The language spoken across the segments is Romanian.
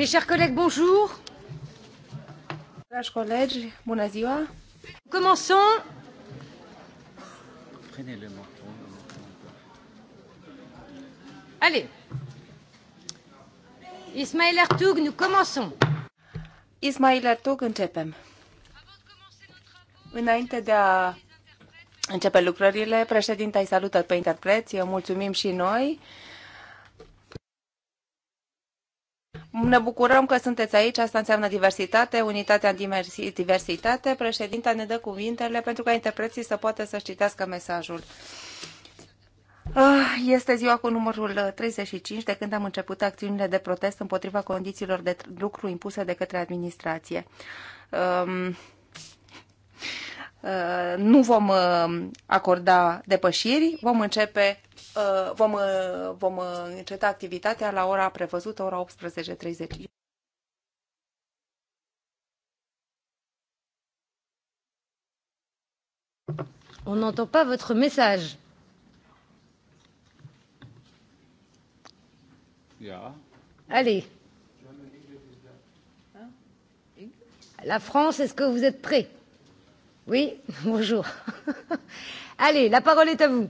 Mes chers collègues, bonjour. Dragi colegi, bună ziua. Commençons. Prenez le Allez. Ismail Ertug, nous commençons. Ismail Ertug, începem. Înainte de a începe lucrările, președinta îi salută pe interpreți, mulțumim și noi Ne bucurăm că sunteți aici, asta înseamnă diversitate, unitatea în diversitate. Președinta ne dă cuvintele pentru ca interpreții să poată să-și citească mesajul. Ah, este ziua cu numărul 35 de când am început acțiunile de protest împotriva condițiilor de lucru impuse de către administrație. Um, Uh, nu vom uh, acorda depășiri, vom începe, uh, vom, vom înceta activitatea la ora prevăzută, ora 18.30. On n'entend pas votre message. Yeah. Allez. La France, est-ce que vous êtes prêts Oui, bonjour. Allez, la parole est à vous.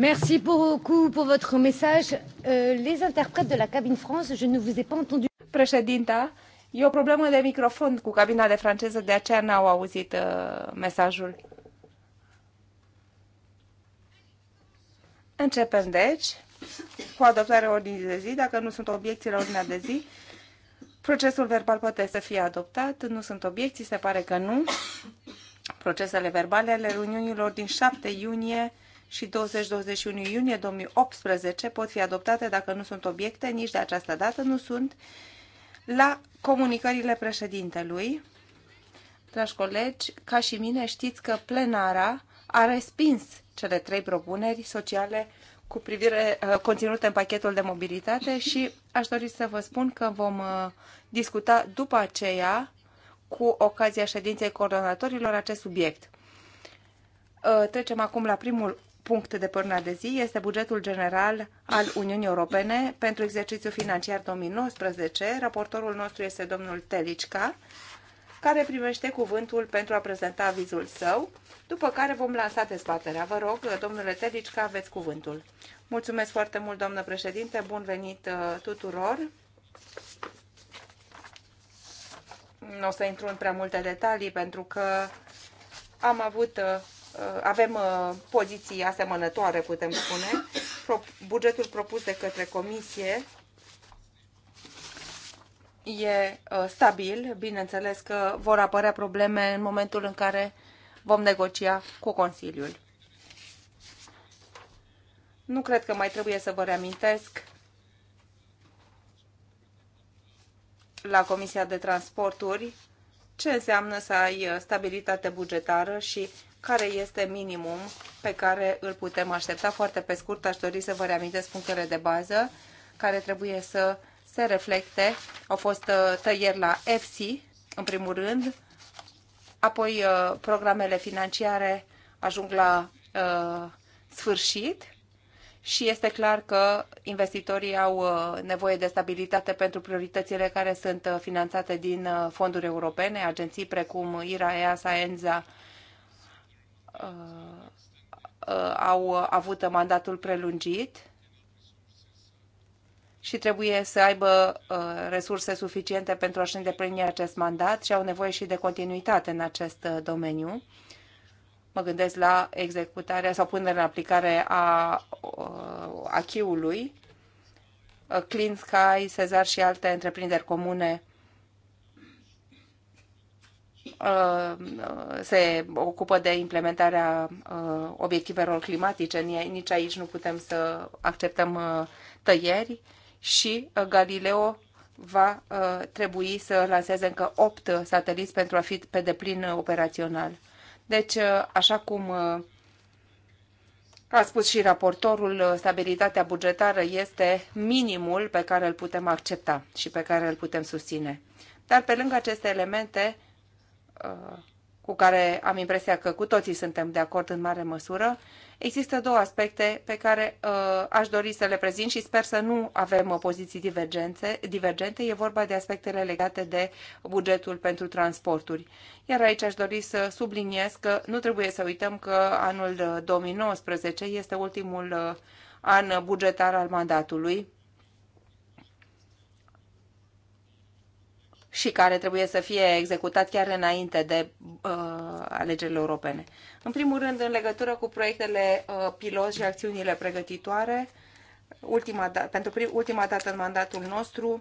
Merci beaucoup pour votre message. Euh, les interprètes de la cabine France, je ne vous ai pas entendu. Președinta, e o problemă de microfon cu cabina de franceză, de aceea n-au auzit uh, mesajul. Începem, deci, cu adoptarea ordinii de zi. Dacă nu sunt obiecții la ordinea de zi, procesul verbal poate să fie adoptat. Nu sunt obiecții, se pare că nu. Procesele verbale ale reuniunilor din 7 iunie și 20-21 iunie 2018 pot fi adoptate dacă nu sunt obiecte, nici de această dată nu sunt, la comunicările președintelui. Dragi colegi, ca și mine știți că plenara a respins cele trei propuneri sociale cu privire uh, conținute în pachetul de mobilitate și aș dori să vă spun că vom uh, discuta după aceea cu ocazia ședinței coordonatorilor acest subiect. Uh, trecem acum la primul punct de până de zi este bugetul general al Uniunii Europene pentru exercițiul financiar 2019. Raportorul nostru este domnul Telicca, care primește cuvântul pentru a prezenta vizul său, după care vom lansa dezbaterea. Vă rog, domnule Telicca, aveți cuvântul. Mulțumesc foarte mult, domnă președinte, bun venit uh, tuturor. Nu o să intru în prea multe detalii pentru că am avut uh, Uh, avem uh, poziții asemănătoare, putem spune. Bugetul propus de către comisie e uh, stabil. Bineînțeles că vor apărea probleme în momentul în care vom negocia cu Consiliul. Nu cred că mai trebuie să vă reamintesc la Comisia de Transporturi ce înseamnă să ai stabilitate bugetară și care este minimum pe care îl putem aștepta. Foarte pe scurt aș dori să vă reamintesc punctele de bază care trebuie să se reflecte. Au fost uh, tăieri la EFSI, în primul rând, apoi uh, programele financiare ajung la uh, sfârșit și este clar că investitorii au uh, nevoie de stabilitate pentru prioritățile care sunt finanțate din fonduri europene, agenții precum IRA, EASA, ENZA Uh, au avut mandatul prelungit și trebuie să aibă uh, resurse suficiente pentru a-și îndeplini acest mandat și au nevoie și de continuitate în acest uh, domeniu. Mă gândesc la executarea sau punerea în aplicare a achiului, Clean Sky, Cezar și alte întreprinderi comune Uh, se ocupă de implementarea uh, obiectivelor climatice. Nici aici nu putem să acceptăm uh, tăieri și Galileo va trebui să lanseze încă 8 sateliți pentru a fi pe deplin operațional. Deci, așa cum a spus și raportorul, stabilitatea bugetară este minimul pe care îl putem accepta și pe care îl putem susține. Dar pe lângă aceste elemente, Uh, cu care am impresia că cu toții suntem de acord în mare măsură, există două aspecte pe care uh, aș dori să le prezint și sper să nu avem uh, poziții divergențe, divergente. E vorba de aspectele legate de bugetul pentru transporturi. Iar aici aș dori să subliniez că nu trebuie să uităm că anul 2019 uh, este ultimul an bugetar al mandatului și care trebuie să fie executat chiar înainte de uh, alegerile europene. În primul rând, în legătură cu proiectele uh, pilot și acțiunile pregătitoare, ultima da- pentru prim- ultima dată în mandatul nostru,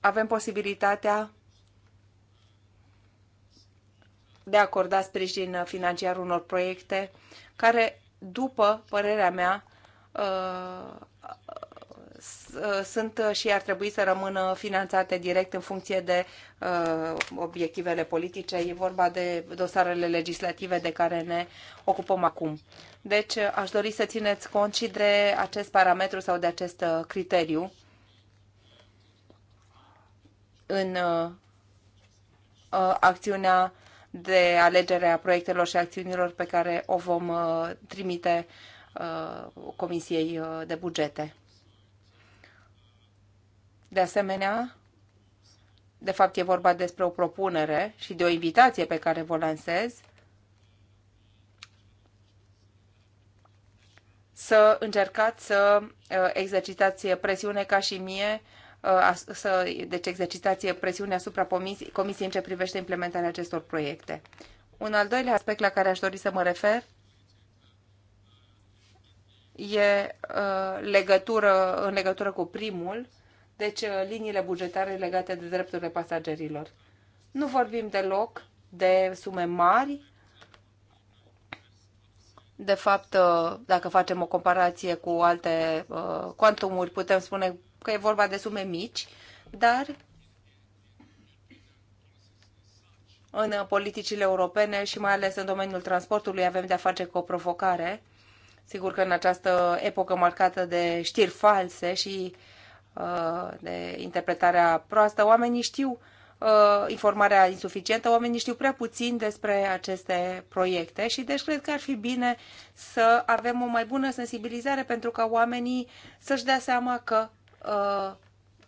avem posibilitatea de a acorda sprijin financiar unor proiecte care, după părerea mea, uh, sunt și ar trebui să rămână finanțate direct în funcție de uh, obiectivele politice. E vorba de dosarele legislative de care ne ocupăm acum. Deci uh, aș dori să țineți cont și de acest parametru sau de acest uh, criteriu în acțiunea de alegere a proiectelor și acțiunilor pe care o vom trimite Comisiei de Bugete. De asemenea, de fapt e vorba despre o propunere și de o invitație pe care vă lansez, să încercați să uh, exercitați presiune ca și mie, uh, să, deci exercitați presiune asupra comisiei comisie în ce privește implementarea acestor proiecte. Un al doilea aspect la care aș dori să mă refer e uh, legătură, în legătură cu primul, deci uh, liniile bugetare legate de drepturile pasagerilor. Nu vorbim deloc de sume mari. De fapt, uh, dacă facem o comparație cu alte uh, cuantumuri, putem spune că e vorba de sume mici, dar în politicile europene și mai ales în domeniul transportului avem de-a face cu o provocare. Sigur că în această epocă marcată de știri false și uh, Uh, de interpretarea proastă. Oamenii știu uh, informarea insuficientă, oamenii știu prea puțin despre aceste proiecte și deci cred că ar fi bine să avem o mai bună sensibilizare pentru ca oamenii să-și dea seama că uh,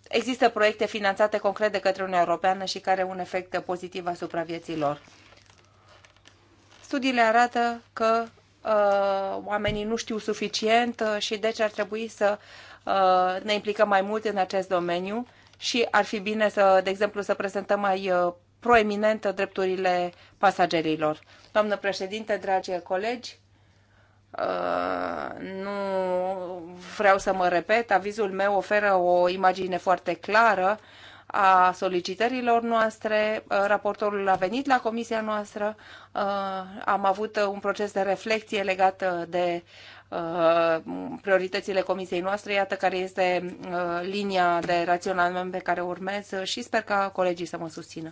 există proiecte finanțate concret de către Uniunea Europeană și care au un efect pozitiv asupra vieții lor. Studiile arată că uh, oamenii nu știu suficient și deci ar trebui să uh, Uh, ne implicăm mai mult în acest domeniu și ar fi bine să, de exemplu, să prezentăm mai uh, proeminent drepturile pasagerilor. Doamnă președinte, dragi colegi, uh, nu vreau să mă repet, avizul meu oferă o imagine foarte clară a solicitărilor noastre, raportorul a venit la comisia noastră, am avut un proces de reflexie legat de Uh, prioritățile comisiei noastre. Iată care este uh, linia de raționament pe care urmez și sper ca colegii să mă susțină.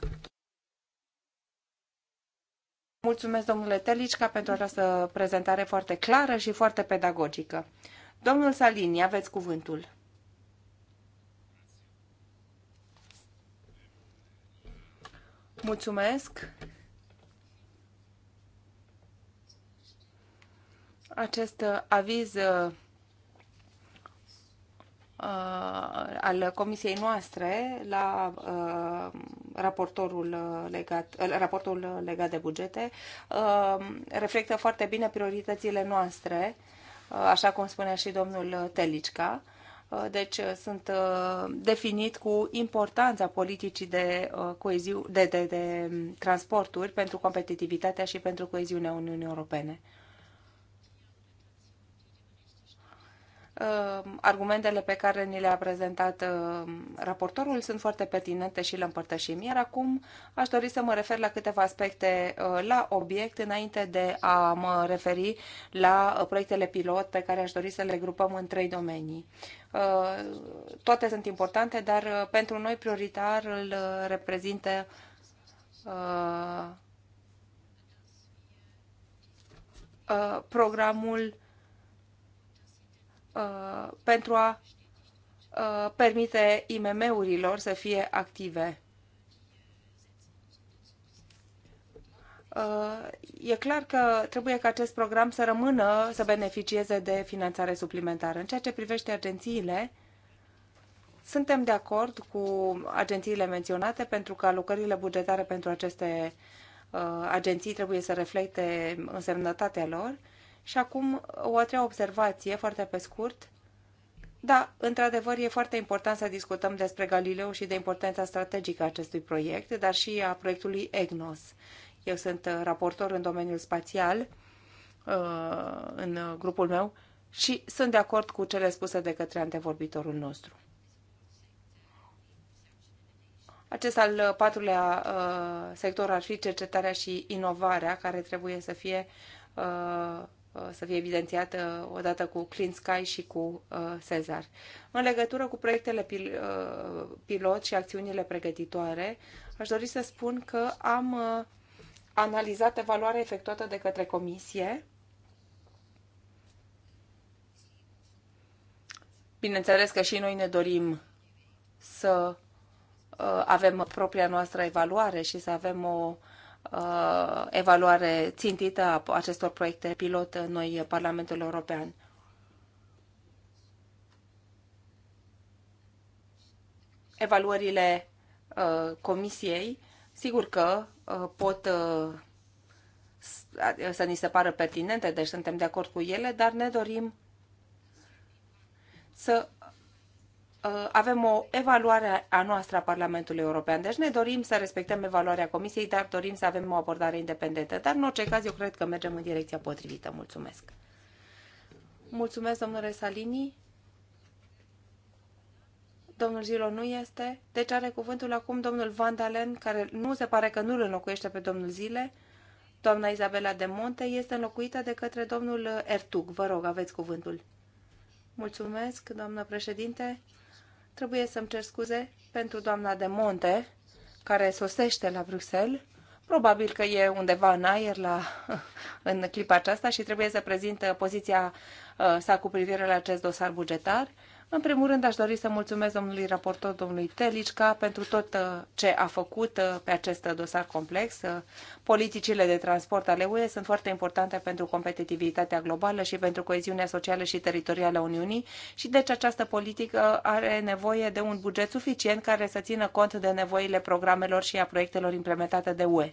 Mulțumesc, domnule Telicca, pentru această prezentare foarte clară și foarte pedagogică. Domnul Salini, aveți cuvântul. Mulțumesc. acest uh, aviz uh, uh, al comisiei noastre la raportorul legat, raportul legat de bugete reflectă foarte bine prioritățile noastre, așa cum spunea și domnul Telicca. Deci sunt definit cu importanța politicii de, coeziu, de, de, de transporturi pentru competitivitatea și pentru coeziunea Uniunii Europene. Ehm, argumentele pe care ni le-a prezentat ehm, raportorul sunt foarte pertinente și le împărtășim. Iar acum aș dori să mă refer la câteva aspecte eh, la obiect înainte de a mă referi la eh, proiectele pilot pe care aș dori să le grupăm în trei domenii. Eh, toate sunt importante, dar pentru noi prioritar îl reprezintă programul Uh, pentru a uh, permite IMM-urilor să fie active. Uh, e clar că trebuie ca acest program să rămână, să beneficieze de finanțare suplimentară. În ceea ce privește agențiile, suntem de acord cu agențiile menționate pentru că alocările bugetare pentru aceste uh, agenții trebuie să reflecte însemnătatea lor și acum o a treia observație, foarte pe scurt. Da, într-adevăr, e foarte important să discutăm despre Galileo și de importanța strategică a acestui proiect, dar și a proiectului EGNOS. Eu sunt uh, raportor în domeniul spațial, uh, în uh, grupul meu, și sunt de acord cu cele spuse de către antevorbitorul nostru. Acest al patrulea sector ar fi cercetarea și inovarea, care trebuie să fie Uh, să fie evidențiată odată cu Clean Sky și cu uh, Cezar. În legătură cu proiectele pil, uh, pilot și acțiunile pregătitoare, aș dori să spun că am analizat evaluarea efectuată de către comisie. Bineînțeles că și noi ne dorim să avem propria noastră evaluare și să avem o uh, Uh, evaluare țintită a acestor proiecte pilot în noi uh, Parlamentul European. Evaluările uh, Comisiei, sigur că pot să ni se pară pertinente, deci suntem de acord cu ele, dar ne dorim să Uh, avem o evaluare a noastră a Parlamentului European. Deci ne dorim să respectăm evaluarea Comisiei, dar dorim să avem o abordare independentă. Dar în orice caz, eu cred că mergem în direcția potrivită. Mulțumesc. Mulțumesc, domnule Salini. Domnul Zilo nu este, deci are cuvântul acum domnul Vandalen, care nu se pare că nu îl înlocuiește pe domnul Zile. Doamna Izabela de Monte este înlocuită de către domnul Ertug. Vă rog, aveți cuvântul. Mulțumesc, doamnă președinte. Trebuie să-mi cer scuze pentru doamna de Monte, care sosește la Bruxelles. Probabil că e undeva în aer la, în clipa aceasta și trebuie să prezintă poziția uh, sa cu privire la acest dosar bugetar. În primul rând, aș dori să mulțumesc domnului raportor, domnului Telicca, pentru tot uh, ce a făcut uh, pe acest dosar complex. Uh, politicile de transport ale UE sunt foarte importante pentru competitivitatea globală și pentru coeziunea socială și teritorială a Uniunii și deci această politică are nevoie de un buget suficient care să țină cont de nevoile programelor și a proiectelor implementate de UE.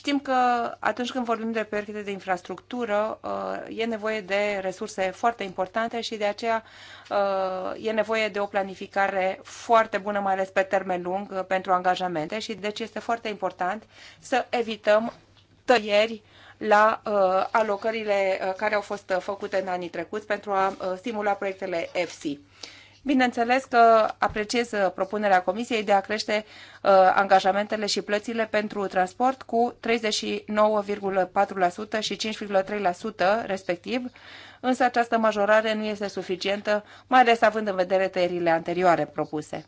Știm că atunci când vorbim de proiecte de infrastructură, uh, e nevoie de resurse foarte importante și de aceea uh, e nevoie de o planificare foarte bună, mai ales pe termen lung, uh, pentru angajamente și deci este foarte important să evităm tăieri la uh, alocările care au fost făcute în anii trecuți pentru a stimula proiectele EFSI. Bineînțeles că apreciez uh, propunerea Comisiei de a crește uh, angajamentele și plățile pentru transport cu 39,4% și 5,3% respectiv, însă această majorare nu este suficientă, mai ales având în vedere tăierile anterioare propuse.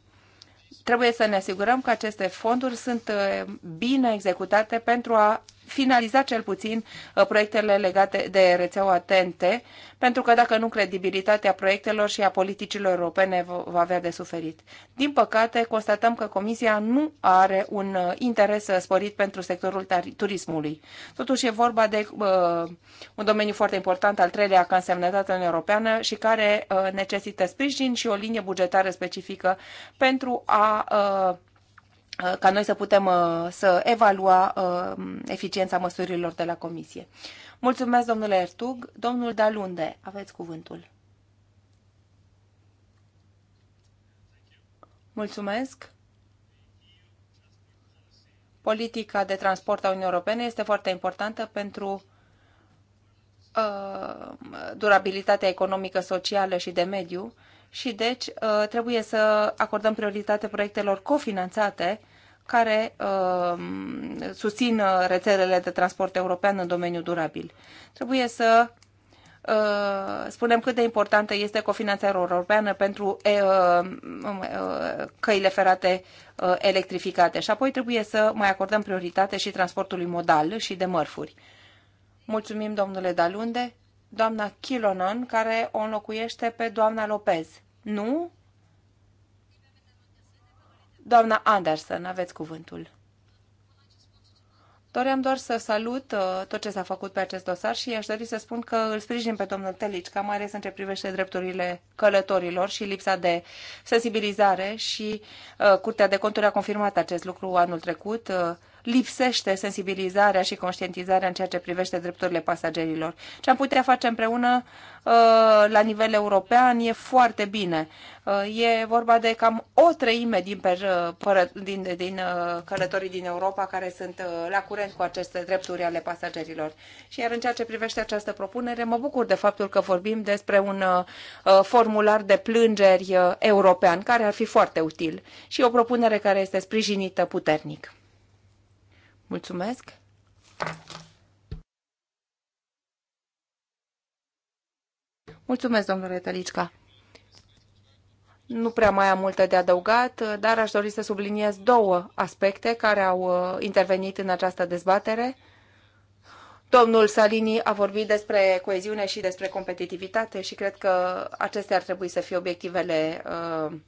Trebuie să ne asigurăm că aceste fonduri sunt uh, bine executate pentru a finaliza cel puțin uh, proiectele legate de rețeaua TNT, pentru că dacă nu, credibilitatea proiectelor și a politicilor europene va avea de suferit. Din păcate, constatăm că Comisia nu are un uh, interes uh, sporit pentru sectorul turismului. Totuși, e vorba de uh, un domeniu foarte important, al treilea ca însemnătate în europeană și care uh, necesită sprijin și o linie bugetară specifică pentru a uh, Uh, ca noi să putem uh, să evalua uh, eficiența măsurilor de la Comisie. Mulțumesc, domnule Ertug. Domnul Dalunde, aveți cuvântul. Mulțumesc. Politica de transport a Uniunii Europene este foarte importantă pentru durabilitatea economică, socială și de mediu și deci uh, trebuie să acordăm prioritate proiectelor cofinanțate care uh, susțin uh, rețelele de transport european în domeniul durabil. Trebuie să uh, spunem cât de importantă este cofinanțarea europeană pentru uh, um, uh căile ferate electrificate și apoi trebuie să mai acordăm prioritate și transportului modal și de mărfuri. Mulțumim, domnule Dalunde doamna Kilonon, care o înlocuiește pe doamna Lopez. Nu? Doamna Anderson, aveți cuvântul. Doream doar să salut uh, tot ce s-a făcut pe acest dosar și aș dori să spun că îl sprijin pe domnul ca mai ales în ce privește drepturile călătorilor și lipsa de sensibilizare și uh, Curtea de Conturi a confirmat acest lucru anul trecut. Uh, lipsește sensibilizarea și conștientizarea în ceea ce privește drepturile pasagerilor. Ce am putea face împreună uh, la nivel european e foarte bine. Uh, e vorba de cam o treime din, per, uh, din, din călătorii din Europa care sunt la curent cu aceste drepturi ale pasagerilor. Și iar în ceea ce privește această propunere, mă bucur de faptul că vorbim despre un formular de plângeri european, care ar fi foarte util și o propunere care este sprijinită puternic. Mulțumesc! Mulțumesc, domnule Tălicica! Nu prea mai am multe de adăugat, dar aș dori să subliniez două aspecte care au uh, intervenit în această dezbatere. Domnul Salini a vorbit despre coeziune și despre competitivitate și cred că acestea ar trebui să fie obiectivele uh,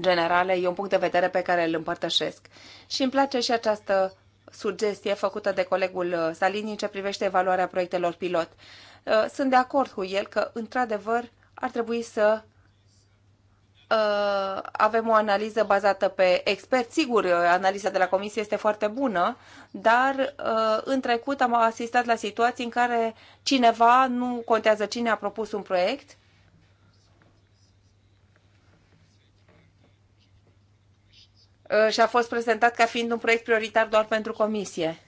generale. E un punct de vedere pe care îl împărtășesc. Și îmi place și această sugestie făcută de colegul uh, Salini în ce privește evaluarea proiectelor pilot. Uh, sunt de acord cu el că, într-adevăr, ar trebui să uh, avem o analiză bazată pe expert. Sigur, analiza de la comisie este foarte bună, dar în trecut am asistat la situații în care cineva, nu contează cine, a propus un proiect Uh, și a fost prezentat ca fiind un proiect prioritar doar pentru comisie.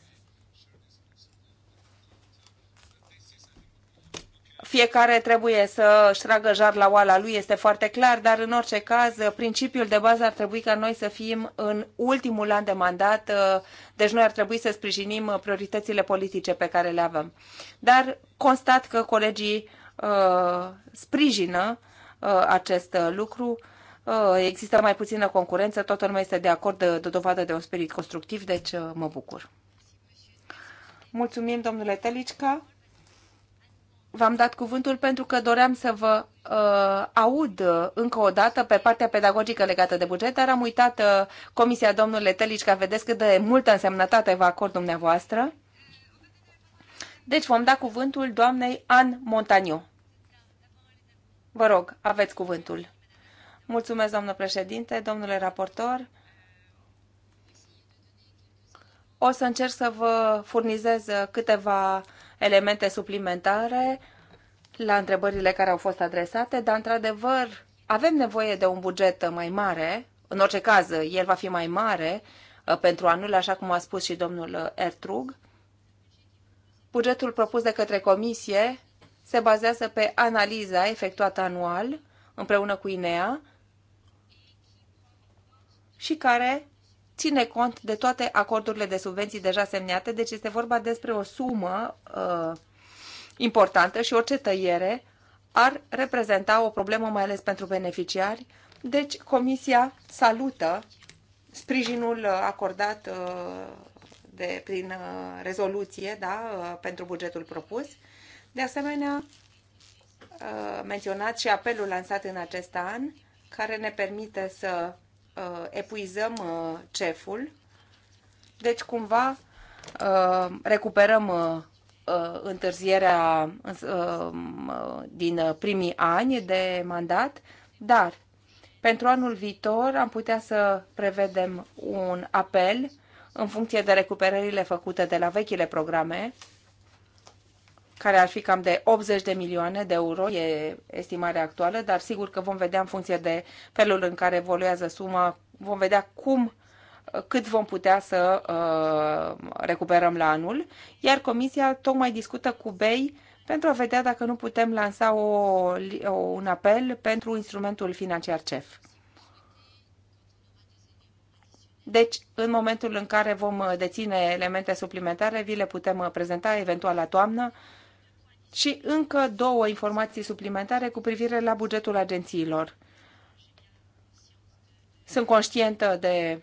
Fiecare trebuie să își tragă jar la oala lui, este foarte clar, dar în orice caz, principiul de bază ar trebui ca noi să fim în ultimul an de mandat, uh, deci noi ar trebui să sprijinim prioritățile politice pe care le avem. Dar constat că colegii uh, sprijină uh, acest lucru. Uh, Uh, există mai puțină concurență, toată lumea este de acord de, de dovadă de un spirit constructiv, deci uh, mă bucur. Mulțumim, domnule Telicca. V-am dat cuvântul pentru că doream să vă uh, aud uh, încă o dată pe partea pedagogică legată de buget, dar am uitat uh, comisia domnule Telicca, vedeți cât de multă însemnătate vă acord dumneavoastră. Deci vom da cuvântul doamnei An Montagnu. Vă rog, aveți cuvântul. Mulțumesc, doamnă președinte, domnule raportor. O să încerc să vă furnizez câteva elemente suplimentare la întrebările care au fost adresate, dar, într-adevăr, avem nevoie de un buget mai mare. În orice caz, el va fi mai mare uh, pentru anul, așa cum a spus și domnul uh, Ertrug. Bugetul propus de către comisie se bazează pe analiza efectuată anual împreună cu INEA și care ține cont de toate acordurile de subvenții deja semnate, deci este vorba despre o sumă uh, importantă și orice tăiere ar reprezenta o problemă mai ales pentru beneficiari. Deci Comisia salută sprijinul uh, acordat uh, de, prin uh, rezoluție da, pentru bugetul propus. De asemenea, menționat și apelul lansat în acest an, care ne permite să Uh, epuizăm uh, ceful, deci cumva uh, recuperăm întârzierea din primii ani de mandat, dar pentru anul viitor am putea să prevedem un apel în funcție de recuperările făcute de la vechile programe care ar fi cam de 80 de milioane de euro, e estimarea actuală, dar sigur că vom vedea în funcție de felul în care evoluează suma, vom vedea cum cât vom putea să uh, recuperăm la anul, iar Comisia tocmai discută cu BEI pentru a vedea dacă nu putem lansa o, o, un apel pentru instrumentul financiar CEF. Deci, în momentul în care vom uh, deține elemente suplimentare, vi le putem uh, prezenta eventual la toamnă și încă două informații suplimentare cu privire la bugetul agențiilor. Sunt conștientă de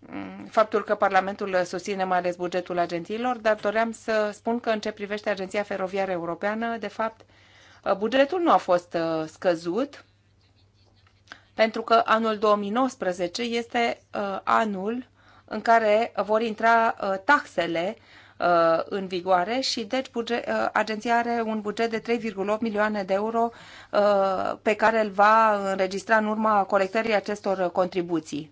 mm, faptul că Parlamentul susține mai ales bugetul agențiilor, dar doream să spun că în ce privește Agenția Feroviară Europeană, de fapt, uh, bugetul nu a fost uh, scăzut, pentru că anul 2019 este uh, anul în care vor intra taxele Uh, în vigoare și deci uh, agenția are un buget de 3,8 milioane de euro uh, pe care îl va înregistra în urma colectării acestor contribuții.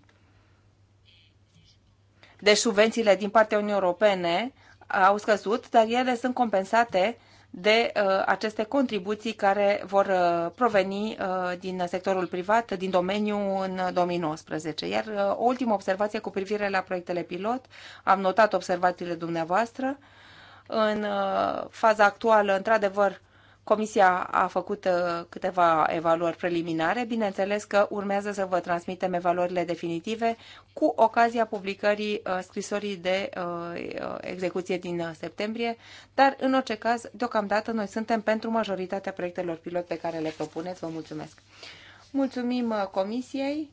Deci subvențiile din partea Uniunii Europene au scăzut, dar ele sunt compensate de uh, aceste contribuții care vor uh, proveni uh, din sectorul privat, din domeniu în 2019. Iar uh, o ultimă observație cu privire la proiectele pilot, am notat observațiile dumneavoastră. În uh, faza actuală, într-adevăr, Comisia a făcut uh, câteva evaluări preliminare. Bineînțeles că urmează să vă transmitem evaluările definitive cu ocazia publicării uh, scrisorii de uh, execuție din septembrie, dar în orice caz, deocamdată, noi suntem pentru majoritatea proiectelor pilot pe care le propuneți. Vă mulțumesc! Mulțumim Comisiei!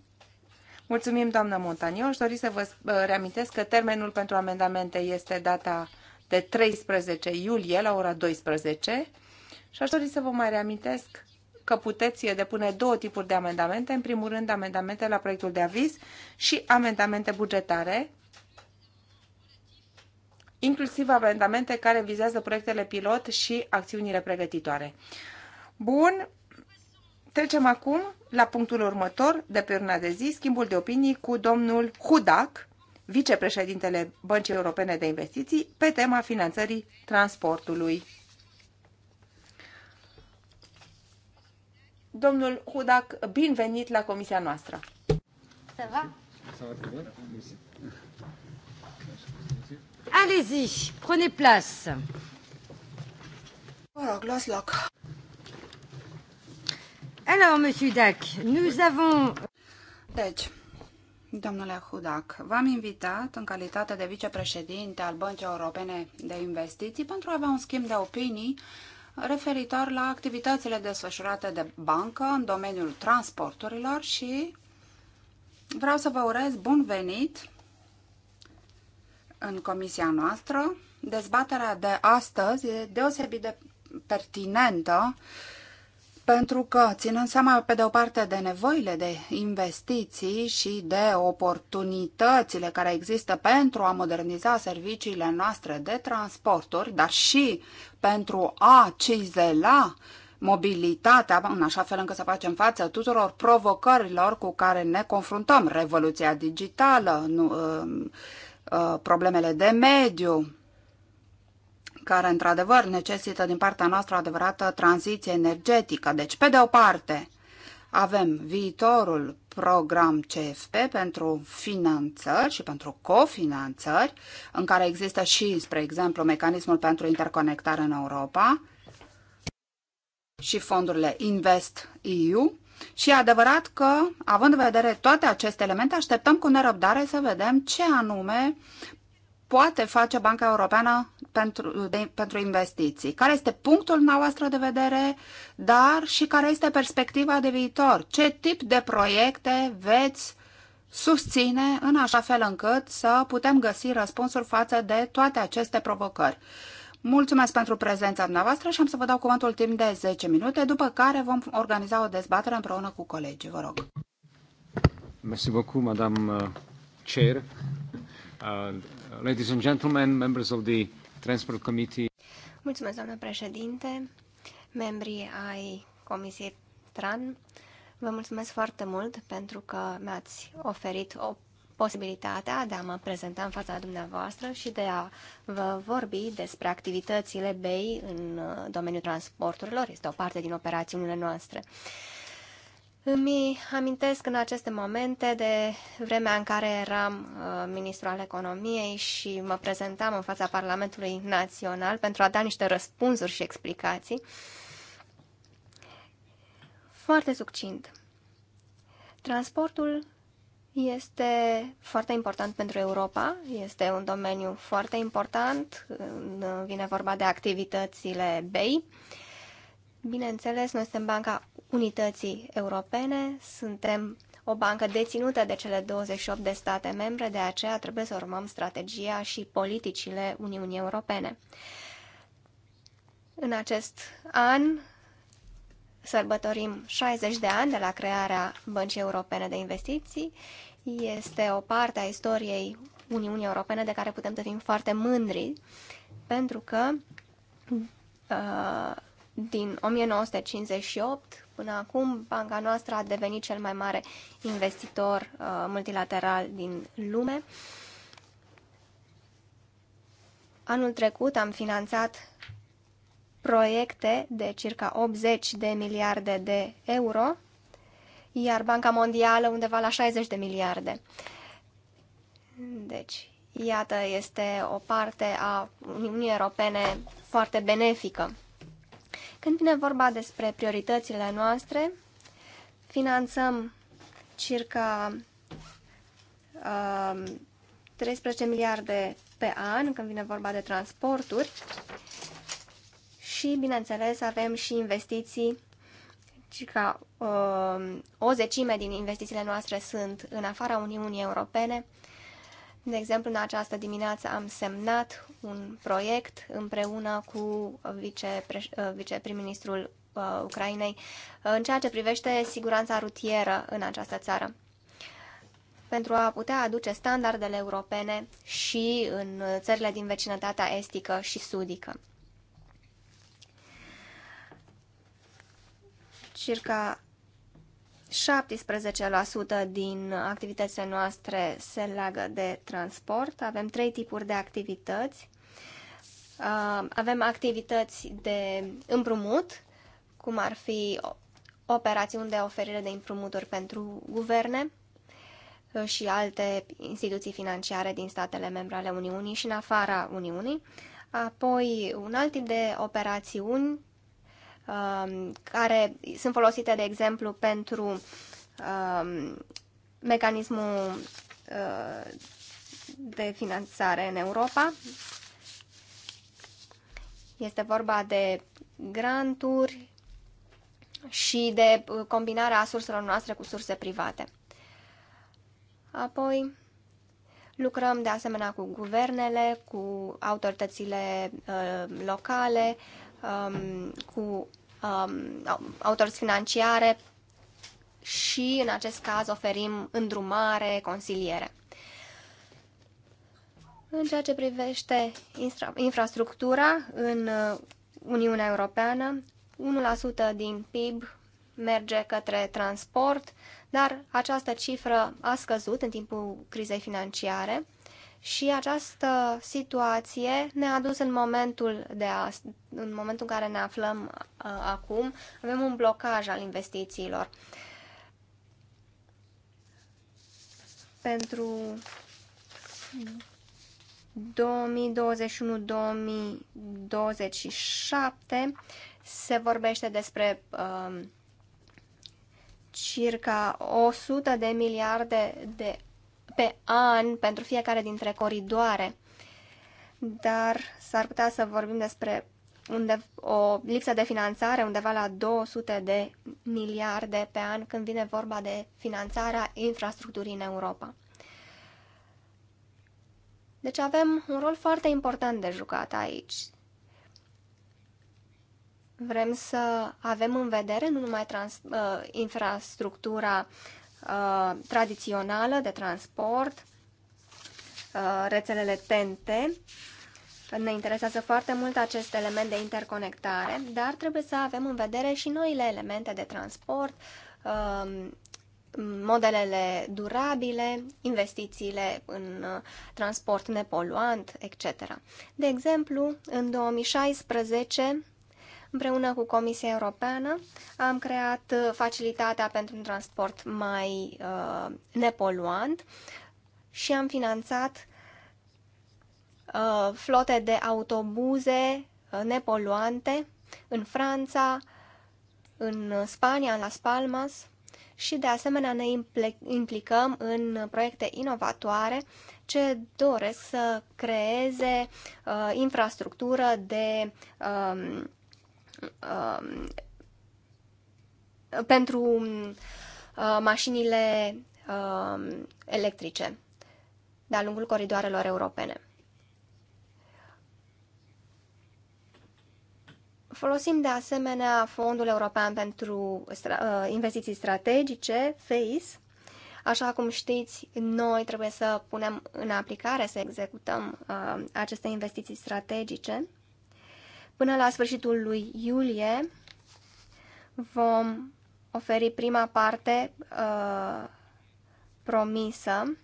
Mulțumim, doamnă Montaniu. Aș dori să vă reamintesc că termenul pentru amendamente este data de 13 iulie la ora 12. Și aș dori să vă mai reamintesc că puteți depune două tipuri de amendamente. În primul rând, amendamente la proiectul de aviz și amendamente bugetare, inclusiv amendamente care vizează proiectele pilot și acțiunile pregătitoare. Bun, trecem acum la punctul următor de pe urna de zi, schimbul de opinii cu domnul Hudac, vicepreședintele Băncii Europene de Investiții, pe tema finanțării transportului. Domnul Hudac, bine venit la comisia noastră. Să va? Allez-y, prenez place. Vă rog, luați loc. Alors, monsieur Dac, nous avons... Deci, Domnule Hudac, v-am invitat în calitate de vicepreședinte al Băncii Europene de Investiții pentru a avea un schimb de opinii referitor la activitățile desfășurate de bancă în domeniul transporturilor și vreau să vă urez bun venit în comisia noastră. Dezbaterea de astăzi e deosebit de pertinentă pentru că, ținând seama pe de o parte de nevoile de investiții și de oportunitățile care există pentru a moderniza serviciile noastre de transporturi, dar și pentru a cizela mobilitatea, în așa fel încât să facem față tuturor provocărilor cu care ne confruntăm, revoluția digitală, nu, uh, uh, problemele de mediu, care într-adevăr necesită din partea noastră o adevărată tranziție energetică. Deci, pe de o parte, avem viitorul program CFP pentru finanțări și pentru cofinanțări, în care există și, spre exemplu, mecanismul pentru interconectare în Europa și fondurile Invest EU. Și e adevărat că, având în vedere toate aceste elemente, așteptăm cu nerăbdare să vedem ce anume poate face Banca Europeană pentru, de, pentru investiții? Care este punctul noastră de vedere, dar și care este perspectiva de viitor? Ce tip de proiecte veți susține în așa fel încât să putem găsi răspunsuri față de toate aceste provocări? Mulțumesc pentru prezența dumneavoastră și am să vă dau cuvântul timp de 10 minute, după care vom organiza o dezbatere împreună cu colegii. Vă rog. Mersi beaucoup, madame uh, Chair. Uh, ladies and gentlemen, members of the Transport Committee. Mulțumesc, doamnă președinte, membrii ai Comisiei TRAN. Vă mulțumesc foarte mult pentru că mi-ați oferit o posibilitatea de a mă prezenta în fața dumneavoastră și de a vă vorbi despre activitățile BEI în uh, domeniul transporturilor. Este o parte din operațiunile noastre. Îmi amintesc în aceste momente de vremea în care eram uh, ministru al economiei și mă prezentam în fața Parlamentului Național pentru a da niște răspunsuri și explicații. Foarte succint. Transportul este foarte important pentru Europa, este un domeniu foarte important, vine vorba de activitățile BEI. Uh, Bineînțeles, noi suntem Banca Unității Europene, suntem o bancă deținută de cele 28 de state membre, de aceea trebuie să urmăm strategia și politicile Uniunii Europene. În acest an sărbătorim 60 de ani de la crearea Băncii Europene de Investiții. Este o parte a istoriei Uniunii Europene de care putem să fim foarte mândri, pentru că uh, din 1958 până acum, banca noastră a devenit cel mai mare investitor uh, multilateral din lume. Anul trecut am finanțat proiecte de circa 80 de miliarde de euro, iar Banca Mondială undeva la 60 de miliarde. Deci, iată, este o parte a Uniunii Europene foarte benefică. Când vine vorba despre prioritățile noastre, finanțăm circa uh, 13 miliarde pe an când vine vorba de transporturi și, bineînțeles, avem și investiții circa uh, o zecime din investițiile noastre sunt în afara Uniunii Europene de exemplu, în această dimineață am semnat un proiect împreună cu uh, viceprim-ministrul uh, Ucrainei uh, în ceea ce privește siguranța rutieră în această țară pentru a putea aduce standardele europene și în țările din vecinătatea estică și sudică. Circa 17% din activitățile noastre se leagă de transport. Avem trei tipuri de activități. Uh, avem activități de împrumut, cum ar fi operațiuni de oferire de împrumuturi pentru guverne uh, și alte instituții financiare din statele membre ale Uniunii și în afara Uniunii. Apoi, un alt tip de operațiuni Um, care sunt folosite, de exemplu, pentru um, mecanismul uh, de finanțare în Europa. Este vorba de granturi și de uh, combinarea surselor noastre cu surse private. Apoi, lucrăm de asemenea cu guvernele, cu autoritățile uh, locale, um, cu um, autorități financiare și, în acest caz, oferim îndrumare, consiliere. În ceea ce privește infra infrastructura în uh, Uniunea Europeană, 1% din PIB merge către transport, dar această cifră a scăzut în timpul crizei financiare și această situație ne-a dus în momentul, de a, în momentul în care ne aflăm uh, acum. Avem un blocaj al investițiilor. Pentru 2021-2027 se vorbește despre uh, circa 100 de miliarde de pe an pentru fiecare dintre coridoare, dar s-ar putea să vorbim despre unde, o lipsă de finanțare undeva la 200 de miliarde pe an când vine vorba de finanțarea infrastructurii în Europa. Deci avem un rol foarte important de jucat aici. Vrem să avem în vedere nu numai trans, uh, infrastructura Uh, tradițională de transport, uh, rețelele TNT. Ne interesează foarte mult acest element de interconectare, dar trebuie să avem în vedere și noile elemente de transport, um, modelele durabile, investițiile în uh, transport nepoluant, etc. De exemplu, în 2016 Împreună cu Comisia Europeană am creat uh, facilitatea pentru un transport mai uh, nepoluant și am finanțat uh, flote de autobuze uh, nepoluante în Franța, în Spania, în Las Palmas și de asemenea ne implicăm în proiecte inovatoare ce doresc să creeze uh, infrastructură de uh, Um, pentru uh, mașinile um, electrice de-a lungul coridoarelor europene. Folosim de asemenea Fondul European pentru uh, Investiții Strategice, FACE. Așa cum știți, noi trebuie să punem în aplicare, să executăm uh, aceste investiții strategice. Până la sfârșitul lui iulie vom oferi prima parte uh, promisă,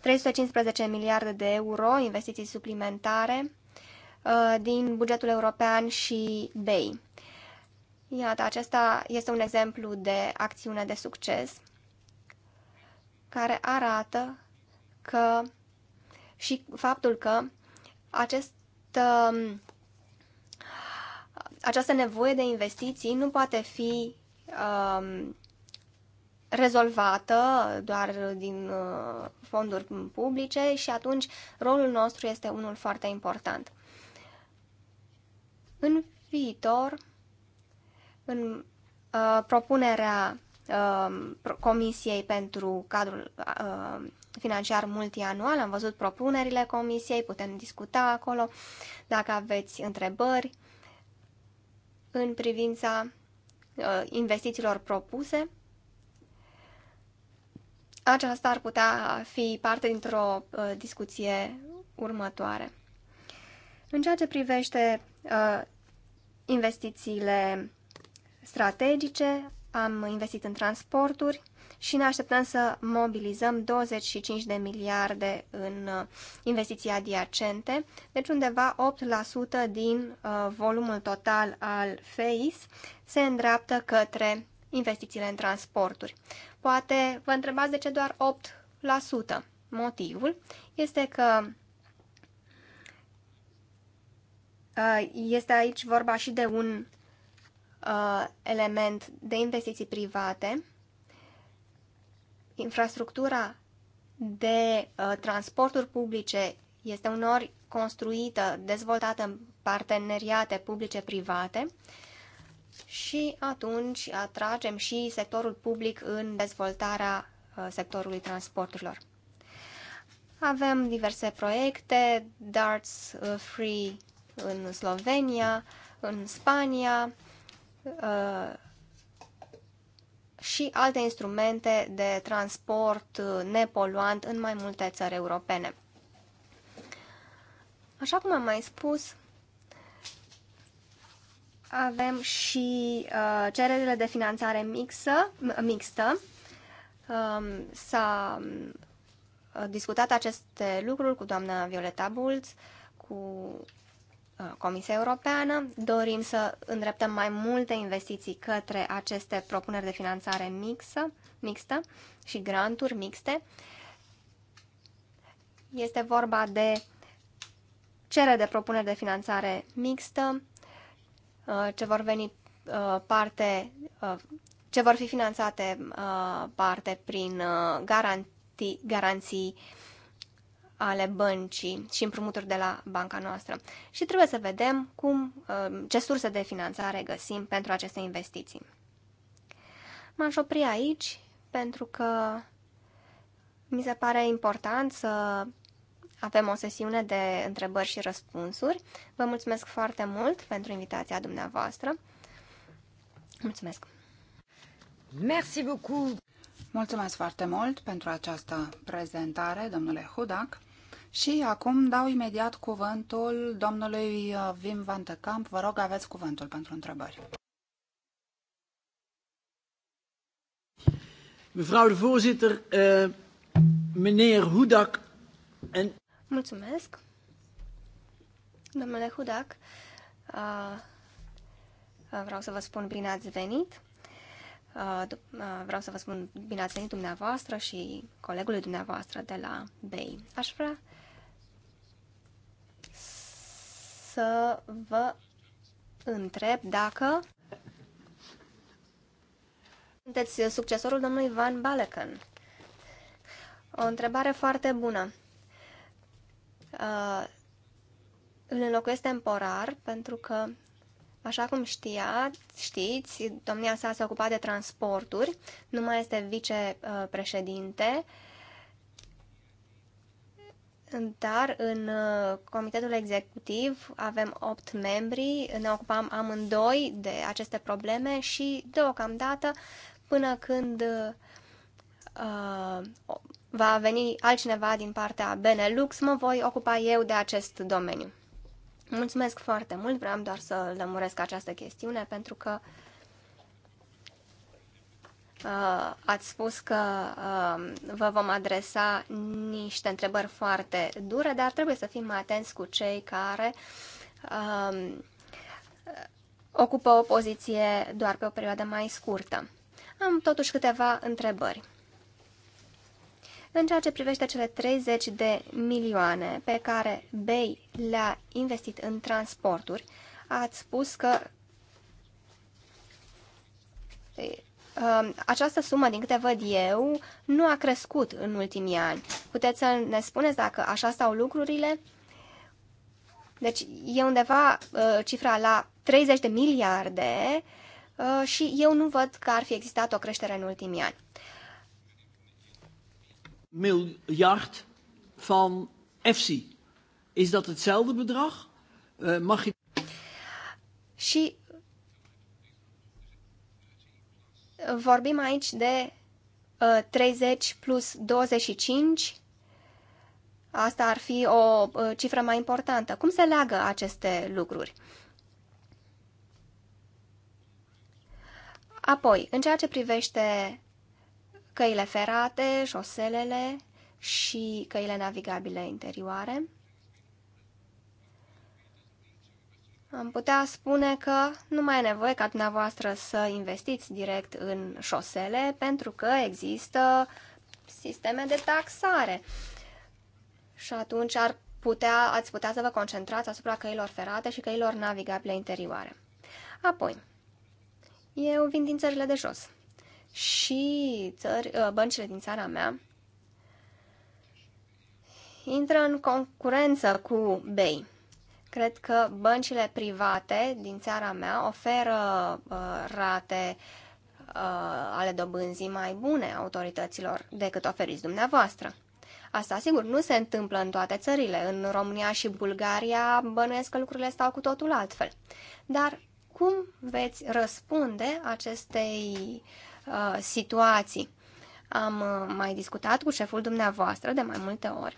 315 miliarde de euro investiții suplimentare uh, din bugetul european și BEI. Iată, acesta este un exemplu de acțiune de succes care arată că și faptul că acest uh, această nevoie de investiții nu poate fi um, rezolvată doar din uh, fonduri publice și atunci rolul nostru este unul foarte important. În viitor, în uh, propunerea uh, Comisiei pentru cadrul uh, financiar multianual, am văzut propunerile Comisiei, putem discuta acolo dacă aveți întrebări în privința uh, investițiilor propuse. Aceasta ar putea fi parte dintr-o uh, discuție următoare. În ceea ce privește uh, investițiile strategice, am investit în transporturi, și ne așteptăm să mobilizăm 25 de miliarde în uh, investiții adiacente, deci undeva 8% din uh, volumul total al FEIS se îndreaptă către investițiile în transporturi. Poate vă întrebați de ce doar 8%. Motivul este că uh, este aici vorba și de un element de investiții private infrastructura de uh, transporturi publice este uneori construită, dezvoltată în parteneriate publice-private și atunci atragem și sectorul public în dezvoltarea uh, sectorului transporturilor. Avem diverse proiecte, Darts uh, Free în Slovenia, în Spania, uh, și alte instrumente de transport uh, nepoluant în mai multe țări europene. Așa cum am mai spus, avem și uh, cererile de finanțare mixă, mixtă. Um, s-a uh, discutat aceste lucruri cu doamna Violeta Bulț, cu Uh, Comisia Europeană. Dorim să îndreptăm mai multe investiții către aceste propuneri de finanțare mixă, mixtă și granturi mixte. Este vorba de cerere de propuneri de finanțare mixtă, uh, ce vor veni uh, parte, ce vor fi finanțate parte prin garanții, garanții ale băncii și împrumuturi de la banca noastră. Și trebuie să vedem cum, um, ce surse de finanțare găsim pentru aceste investiții. M-aș opri aici pentru că mi se pare important să avem o sesiune de întrebări și răspunsuri. Vă mulțumesc foarte mult pentru invitația dumneavoastră. Mulțumesc! Merci beaucoup! Mulțumesc foarte mult pentru această prezentare, domnule Hudac. Și acum dau imediat cuvântul domnului Vim uh, Vantecamp. Camp. Vă rog, aveți cuvântul pentru întrebări. Mevrouw de voorzitter, uh, meneer Hudak en... Mulțumesc. Domnule Hudak, uh, vreau să vă spun bine ați venit. Uh, vreau să vă spun bine ați venit dumneavoastră și colegului dumneavoastră de la BEI. Aș vrea să vă întreb dacă sunteți succesorul domnului Van Balecan. O întrebare foarte bună. Uh, îl înlocuiesc temporar pentru că, așa cum știa, știți, domnia sa s-a ocupat de transporturi, nu mai este vicepreședinte. Uh, dar în uh, comitetul executiv avem 8 membri, ne ocupam amândoi de aceste probleme și deocamdată până când uh, va veni altcineva din partea Benelux, mă voi ocupa eu de acest domeniu. Mulțumesc foarte mult, vreau doar să lămuresc această chestiune pentru că uh, Uh, ați spus că uh, vă vom adresa niște întrebări foarte dure, dar trebuie să fim atenți cu cei care uh, ocupă o poziție doar pe o perioadă mai scurtă. Am totuși câteva întrebări. În ceea ce privește cele 30 de milioane pe care BEI le-a investit în transporturi, ați spus că Um, această sumă, din câte văd eu, nu a crescut în ultimii ani. Puteți să ne spuneți dacă așa stau lucrurile? Deci e undeva uh, cifra la 30 de miliarde uh, și eu nu văd că ar fi existat o creștere în ultimii ani. Miliard van EFSI. Is dat hetzelfde bedrag? Uh, mag je... Și vorbim aici de 30 ă, plus 25, asta ar fi o ă, cifră mai importantă. Cum se leagă aceste lucruri? Apoi, în ceea ce privește căile ferate, șoselele și căile navigabile interioare, am putea spune că nu mai e nevoie ca dumneavoastră să investiți direct în șosele pentru că există sisteme de taxare. Și atunci ar putea, ați putea să vă concentrați asupra căilor ferate și căilor navigabile interioare. Apoi, eu vin din țările de jos și țări, uh, băncile din țara mea intră în concurență cu BEI Cred că băncile private din țara mea oferă uh, rate uh, ale dobânzii mai bune autorităților decât oferiți dumneavoastră. Asta, sigur, nu se întâmplă în toate țările. În România și Bulgaria bănuiesc că lucrurile stau cu totul altfel. Dar cum veți răspunde acestei uh, situații? Am uh, mai discutat cu șeful dumneavoastră de mai multe ori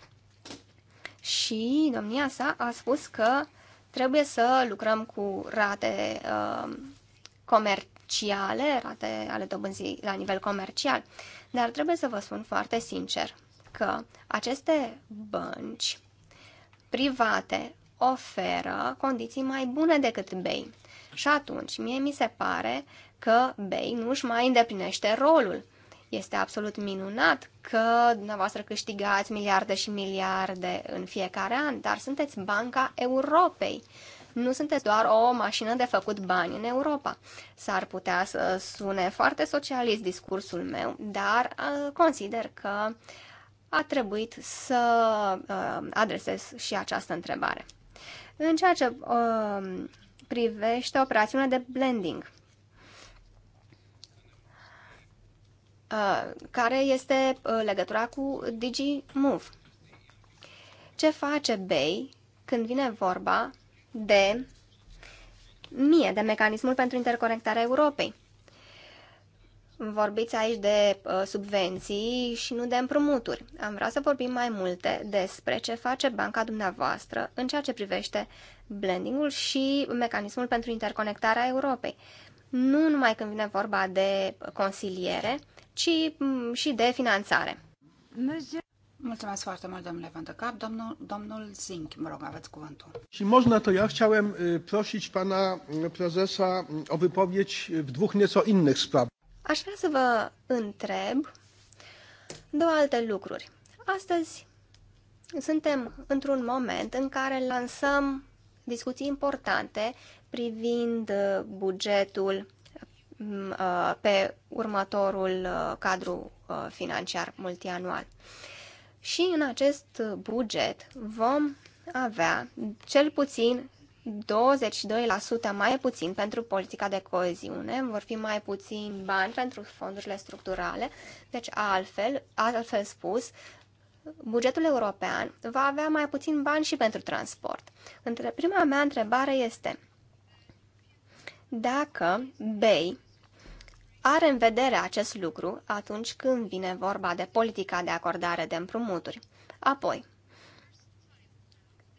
și domnia sa a spus că trebuie să lucrăm cu rate uh, comerciale, rate ale dobânzii la nivel comercial. Dar trebuie să vă spun foarte sincer că aceste bănci private oferă condiții mai bune decât BEI. Și atunci, mie mi se pare că BEI nu își mai îndeplinește rolul. Este absolut minunat că dumneavoastră câștigați miliarde și miliarde în fiecare an, dar sunteți Banca Europei. Nu sunteți doar o mașină de făcut bani în Europa. S-ar putea să sune foarte socialist discursul meu, dar uh, consider că a trebuit să uh, adresez și această întrebare. În ceea ce uh, privește operațiunea de blending, Uh, care este uh, legătura cu DigiMove. Ce face Bay când vine vorba de mie, de mecanismul pentru interconectarea Europei? Vorbiți aici de uh, subvenții și nu de împrumuturi. Am vrea să vorbim mai multe despre ce face banca dumneavoastră în ceea ce privește blendingul și mecanismul pentru interconectarea Europei. Nu numai când vine vorba de consiliere, ci mm, și de finanțare. Mulțumesc foarte mult, domnule Vandăcar. Domnul, domnul Zink, mă rog, aveți cuvântul. Și można to ja chciałem prosić pana prezesa o wypowiedź w dwóch nieco innych spraw. Aș vrea să vă întreb două alte lucruri. Astăzi suntem într-un moment în care lansăm discuții importante privind uh, bugetul Uh, pe următorul uh, cadru uh, financiar multianual. Și în acest buget vom avea cel puțin 22% mai puțin pentru politica de coeziune, vor fi mai puțin bani pentru fondurile structurale, deci altfel, altfel spus, bugetul european va avea mai puțin bani și pentru transport. Între prima mea întrebare este dacă BEI are în vedere acest lucru atunci când vine vorba de politica de acordare de împrumuturi. Apoi,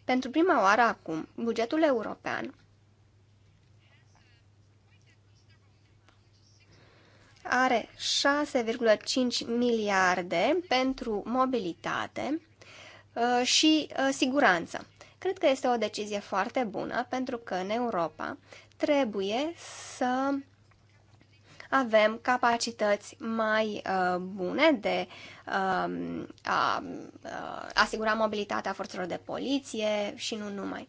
pentru prima oară acum, bugetul european are 6,5 miliarde pentru mobilitate uh, și uh, siguranță. Cred că este o decizie foarte bună pentru că în Europa trebuie să avem capacități mai uh, bune de uh, a uh, asigura mobilitatea forțelor de poliție și nu numai.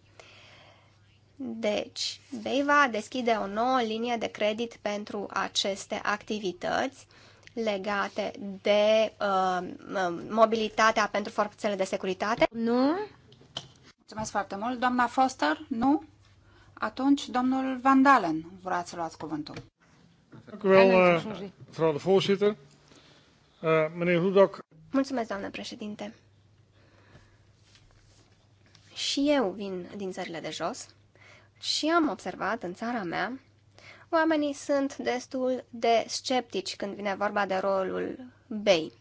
Deci, BEIVA deschide o nouă linie de credit pentru aceste activități legate de uh, uh, mobilitatea pentru forțele de securitate. Nu. Mulțumesc foarte mult. Doamna Foster, nu? Atunci, domnul Vandalen, vreau vreați să luați cuvântul. Dank u wel, eh, mevrouw de voorzitter. Uh, meneer Mulțumesc, doamnă președinte. Și eu vin din țările de jos și am observat în țara mea oamenii sunt destul de sceptici când vine vorba de rolul BEI.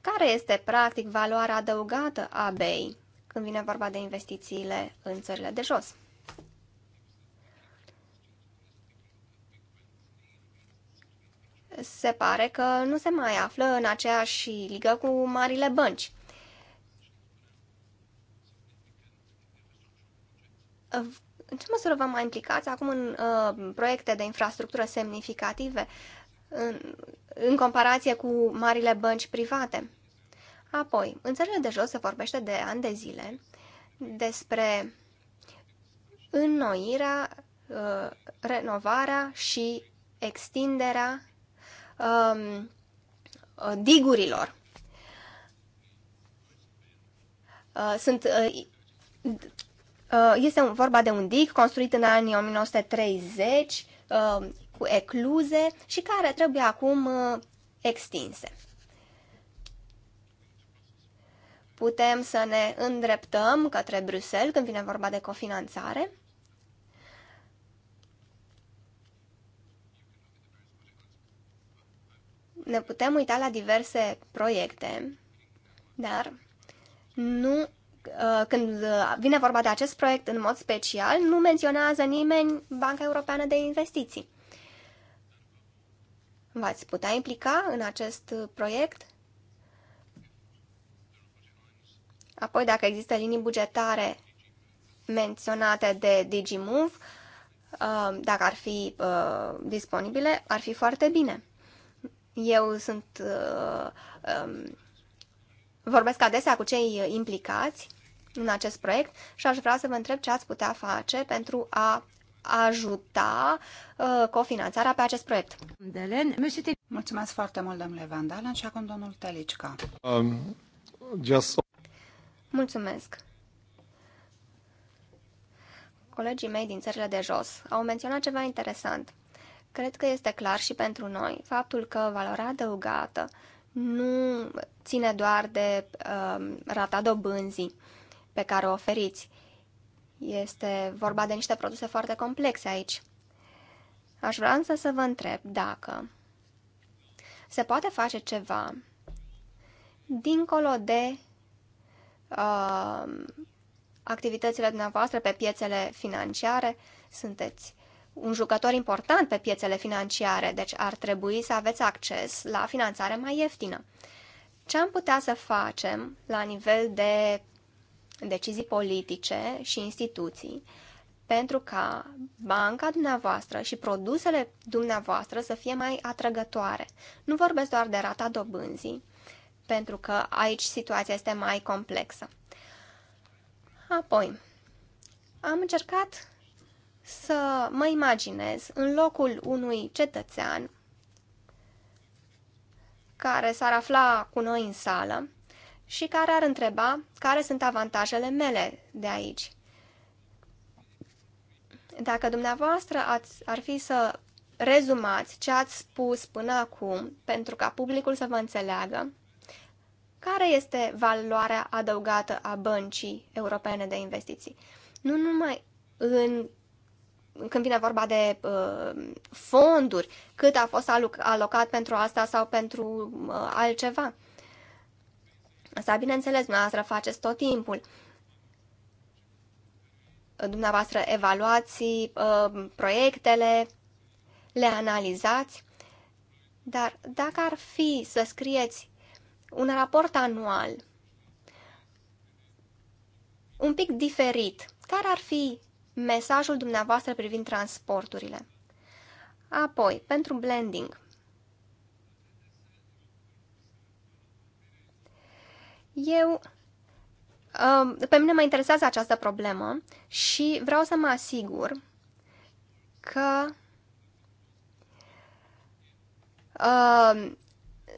Care este, practic, valoarea adăugată a BEI când vine vorba de investițiile în țările de jos? se pare că nu se mai află în aceeași ligă cu marile bănci. În ce măsură vă mai implicați acum în uh, proiecte de infrastructură semnificative în, în comparație cu marile bănci private? Apoi, în țările de jos se vorbește de ani de zile despre înnoirea, uh, renovarea și extinderea um, uh, digurilor. Uh, sunt, uh, este vorba de un dig construit în anii 1930 um, cu ecluze și care trebuie acum extinse. Putem să ne îndreptăm către Bruxelles când vine vorba de cofinanțare ne putem uita la diverse proiecte, dar nu uh, când vine vorba de acest proiect în mod special, nu menționează nimeni Banca Europeană de Investiții. V-ați putea implica în acest proiect? Apoi, dacă există linii bugetare menționate de DigiMove, uh, dacă ar fi uh, disponibile, ar fi foarte bine. Eu sunt. Uh, um, vorbesc adesea cu cei implicați în acest proiect și aș vrea să vă întreb ce ați putea face pentru a ajuta uh, cofinanțarea pe acest proiect. Mulțumesc foarte mult, domnule Vandalen, și acum domnul Telicica. Um, just... Mulțumesc. Colegii mei din țările de jos au menționat ceva interesant. Cred că este clar și pentru noi faptul că valoarea adăugată nu ține doar de uh, rata dobânzii pe care o oferiți. Este vorba de niște produse foarte complexe aici. Aș vrea însă să vă întreb dacă se poate face ceva dincolo de uh, activitățile dumneavoastră pe piețele financiare, sunteți un jucător important pe piețele financiare, deci ar trebui să aveți acces la finanțare mai ieftină. Ce am putea să facem la nivel de decizii politice și instituții pentru ca banca dumneavoastră și produsele dumneavoastră să fie mai atrăgătoare. Nu vorbesc doar de rata dobânzii, pentru că aici situația este mai complexă. Apoi, am încercat să mă imaginez în locul unui cetățean care s-ar afla cu noi în sală și care ar întreba care sunt avantajele mele de aici. Dacă dumneavoastră ați, ar fi să rezumați ce ați spus până acum pentru ca publicul să vă înțeleagă, care este valoarea adăugată a băncii europene de investiții? Nu numai în când vine vorba de uh, fonduri, cât a fost alocat pentru asta sau pentru uh, altceva. Asta, bineînțeles, dumneavoastră faceți tot timpul. Dumneavoastră evaluați uh, proiectele, le analizați, dar dacă ar fi să scrieți un raport anual un pic diferit, care ar fi mesajul dumneavoastră privind transporturile. Apoi, pentru blending. Eu, um, pe mine mă interesează această problemă și vreau să mă asigur că um,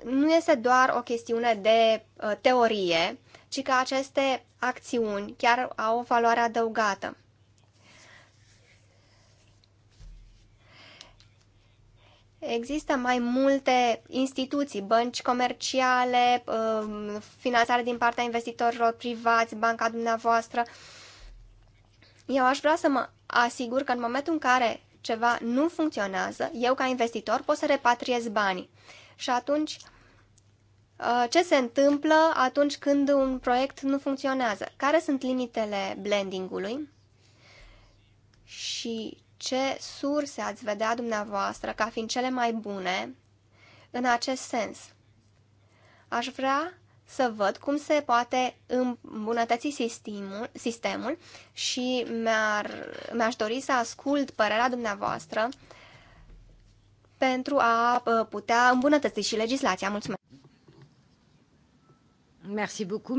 nu este doar o chestiune de uh, teorie, ci că aceste acțiuni chiar au o valoare adăugată. Există mai multe instituții, bănci comerciale, um, finanțare din partea investitorilor privați, banca dumneavoastră. Eu aș vrea să mă asigur că în momentul în care ceva nu funcționează, eu ca investitor pot să repatriez banii. Și atunci, uh, ce se întâmplă atunci când un proiect nu funcționează? Care sunt limitele blendingului? Și ce surse ați vedea dumneavoastră ca fiind cele mai bune în acest sens. Aș vrea să văd cum se poate îmbunătăți sistemul, sistemul și mi-ar, mi-aș dori să ascult părerea dumneavoastră pentru a uh, putea îmbunătăți și legislația. Mulțumesc! Merci beaucoup,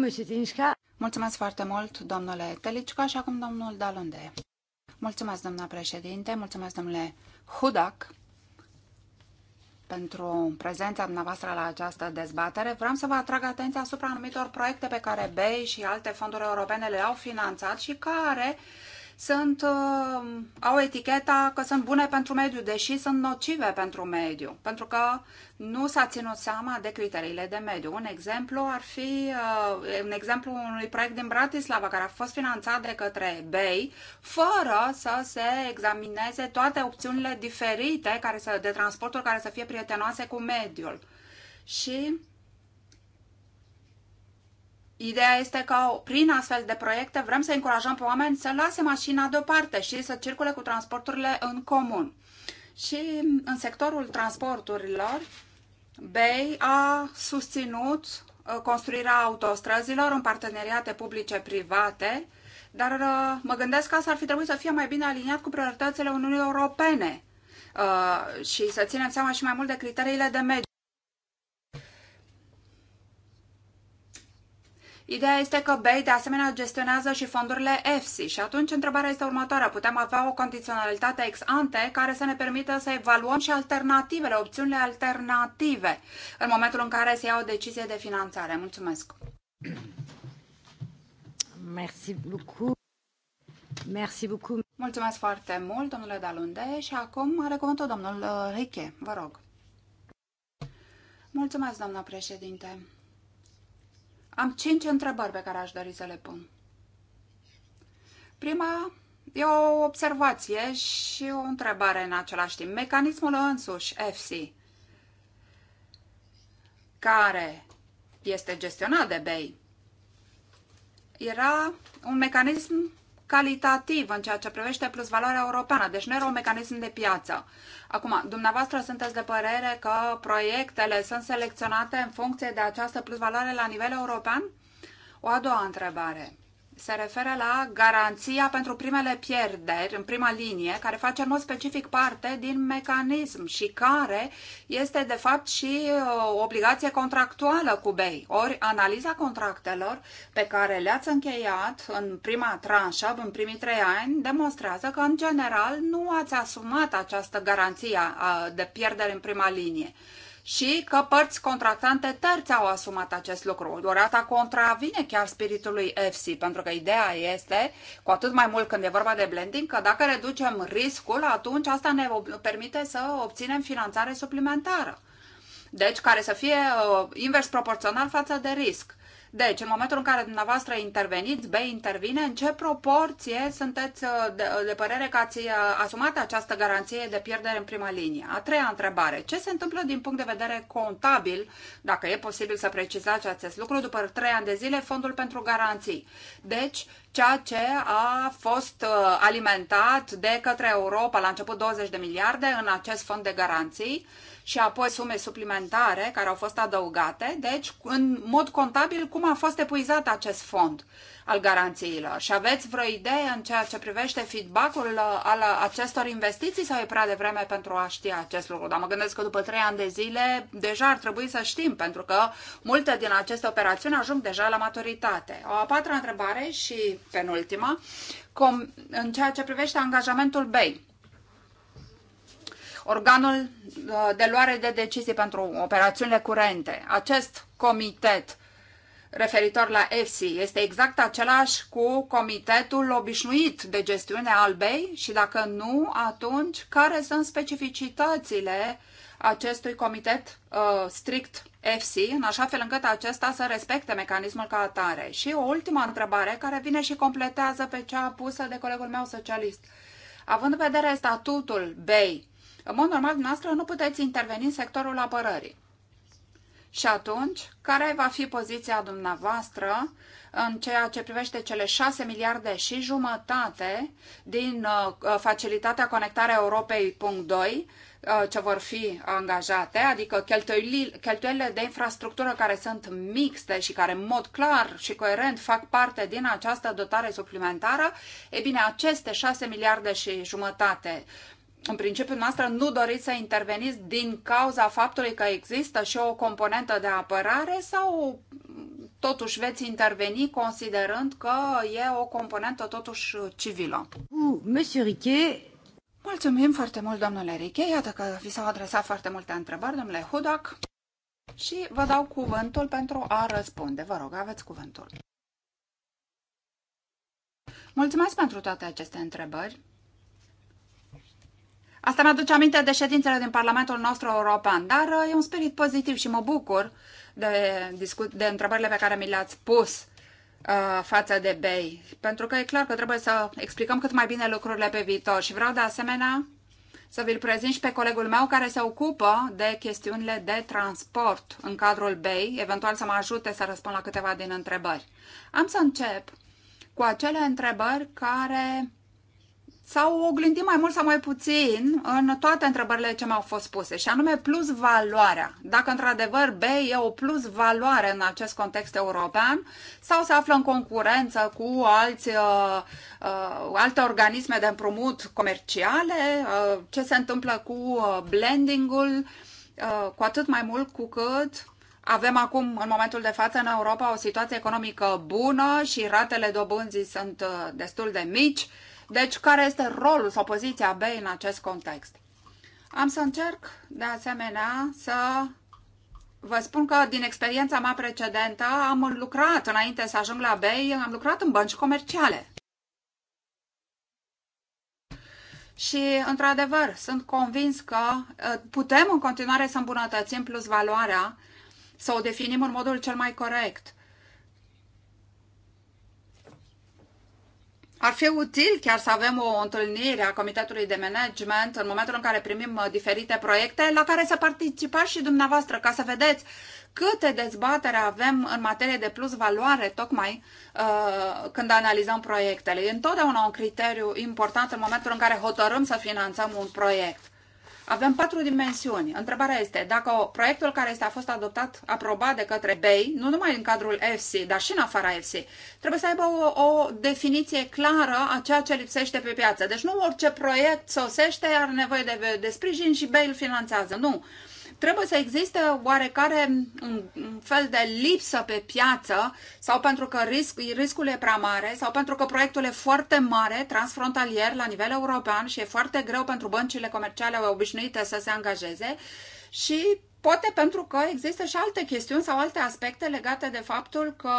Mulțumesc foarte mult, domnule Telicca, și acum domnul Dalunde. Mulțumesc, doamna președinte, mulțumesc, domnule Hudac, pentru prezența dumneavoastră la această dezbatere. Vreau să vă atrag atenția asupra anumitor proiecte pe care BEI și alte fonduri europene le-au finanțat și care sunt, uh, au eticheta că sunt bune pentru mediu, deși sunt nocive pentru mediu, pentru că nu s-a ținut seama de criteriile de mediu. Un exemplu ar fi uh, un exemplu unui proiect din Bratislava care a fost finanțat de către BEI fără să se examineze toate opțiunile diferite care să, de transporturi care să fie prietenoase cu mediul. Și Ideea este că prin astfel de proiecte vrem să încurajăm pe oameni să lase mașina deoparte și să circule cu transporturile în comun. Și în sectorul transporturilor, BEI a susținut uh, construirea autostrăzilor în parteneriate publice-private, dar uh, mă gândesc că asta ar fi trebuit să fie mai bine aliniat cu prioritățile Uniunii Europene uh, și să ținem seama și mai mult de criteriile de mediu. Ideea este că BEI de asemenea gestionează și fondurile EFSI și atunci întrebarea este următoarea. Putem avea o condiționalitate ex ante care să ne permită să evaluăm și alternativele, opțiunile alternative în momentul în care se ia o decizie de finanțare. Mulțumesc! Merci beaucoup. Merci beaucoup. Mulțumesc foarte mult, domnule Dalunde, și acum are cuvântul domnul uh, Riche. Vă rog. Mulțumesc, doamna președinte. Am cinci întrebări pe care aș dori să le pun. Prima e o observație și o întrebare în același timp. Mecanismul însuși, FC, care este gestionat de BEI, era un mecanism calitativ în ceea ce privește plusvaloarea europeană, deci nu era un mecanism de piață. Acum, dumneavoastră sunteți de părere că proiectele sunt selecționate în funcție de această plusvaloare la nivel european? O a doua întrebare se referă la garanția pentru primele pierderi în prima linie, care face în mod specific parte din mecanism și care este de fapt și o uh, obligație contractuală cu BEI. Ori analiza contractelor pe care le-ați încheiat în prima tranșă, în primii trei ani, demonstrează că în general nu ați asumat această garanție uh, de pierdere în prima linie și că părți contractante terțe au asumat acest lucru. Doar asta contravine chiar spiritului FC, pentru că ideea este, cu atât mai mult când e vorba de blending, că dacă reducem riscul, atunci asta ne permite să obținem finanțare suplimentară. Deci, care să fie uh, invers proporțional față de risc. Deci, în momentul în care dumneavoastră interveniți, B intervine, în ce proporție sunteți uh, de, uh, de părere că ați uh, asumat această garanție de pierdere în prima linie? A treia întrebare. Ce se întâmplă din punct de vedere contabil, dacă e posibil să precizați acest lucru, după trei ani de zile, fondul pentru garanții? Deci, ceea ce a fost alimentat de către Europa la început 20 de miliarde în acest fond de garanții, și apoi sume suplimentare care au fost adăugate, deci în mod contabil cum a fost epuizat acest fond al garanțiilor. Și aveți vreo idee în ceea ce privește feedback-ul uh, al uh, acestor investiții sau e prea devreme pentru a ști acest lucru? Dar mă gândesc că după trei ani de zile deja ar trebui să știm, pentru că multe din aceste operațiuni ajung deja la maturitate. O a patra întrebare și penultima, cum, în ceea ce privește angajamentul BEI organul uh, de luare de decizii pentru operațiunile curente. Acest comitet referitor la EFSI este exact același cu comitetul obișnuit de gestiune al BEI și dacă nu, atunci care sunt specificitățile acestui comitet uh, strict FC, în așa fel încât acesta să respecte mecanismul ca atare. Și o ultimă întrebare care vine și completează pe cea pusă de colegul meu socialist. Având în vedere statutul BEI, în mod normal, dumneavoastră nu puteți interveni în sectorul apărării. Și atunci, care va fi poziția dumneavoastră în ceea ce privește cele 6 miliarde și jumătate din uh, uh facilitatea conectarea Europei punct uh, ce vor fi angajate, adică cheltuielile de infrastructură care sunt mixte și care în mod clar și coerent fac parte din această dotare suplimentară, e bine, aceste 6 miliarde și jumătate în principiu noastră nu doriți să interveniți din cauza faptului că există și o componentă de apărare sau totuși veți interveni considerând că e o componentă totuși civilă? Monsieur Riquet, Mulțumim foarte mult, domnule Riche. Iată că vi s-au adresat foarte multe întrebări, domnule Hudac. Și vă dau cuvântul pentru a răspunde. Vă rog, aveți cuvântul. Mulțumesc pentru toate aceste întrebări. Asta mi-aduce aminte de ședințele din Parlamentul nostru european, dar uh, e un spirit pozitiv și mă bucur de, de întrebările pe care mi le-ați pus uh, față de bei, pentru că e clar că trebuie să explicăm cât mai bine lucrurile pe viitor și vreau de asemenea să vi-l prezint și pe colegul meu care se ocupă de chestiunile de transport în cadrul BEI, eventual să mă ajute să răspund la câteva din întrebări. Am să încep cu acele întrebări care s-au oglindit mai mult sau mai puțin în toate întrebările ce mi au fost puse, și anume plus valoarea. Dacă într-adevăr B e o plus valoare în acest context european sau se află în concurență cu alți, uh, uh, alte organisme de împrumut comerciale, uh, ce se întâmplă cu uh, blending-ul, uh, cu atât mai mult cu cât avem acum, în momentul de față, în Europa o situație economică bună și ratele dobânzii sunt uh, destul de mici. Uh, deci, care este rolul sau poziția B în acest context? Am să încerc, de asemenea, să vă spun că din experiența mea precedentă am lucrat înainte să ajung la B, am lucrat în bănci comerciale. Și, într-adevăr, sunt convins că ă, putem în continuare să îmbunătățim plus valoarea, să o definim în modul cel mai corect Ar fi util chiar să avem o întâlnire a Comitetului de Management în momentul în care primim uh, diferite proiecte la care să participați și dumneavoastră ca să vedeți câte dezbatere avem în materie de plus valoare tocmai uh, când analizăm proiectele. E întotdeauna un criteriu important în momentul în care hotărâm să finanțăm un proiect. Avem patru dimensiuni. Întrebarea este dacă proiectul care este a fost adoptat, aprobat de către BEI, nu numai în cadrul FC, dar și în afara FC, trebuie să aibă o, o definiție clară a ceea ce lipsește pe piață. Deci nu orice proiect sosește are nevoie de, de sprijin și BEI îl finanțează. Nu trebuie să existe oarecare un fel de lipsă pe piață sau pentru că risc, riscul e prea mare sau pentru că proiectul e foarte mare, transfrontalier, la nivel european și e foarte greu pentru băncile comerciale obișnuite să se angajeze și poate pentru că există și alte chestiuni sau alte aspecte legate de faptul că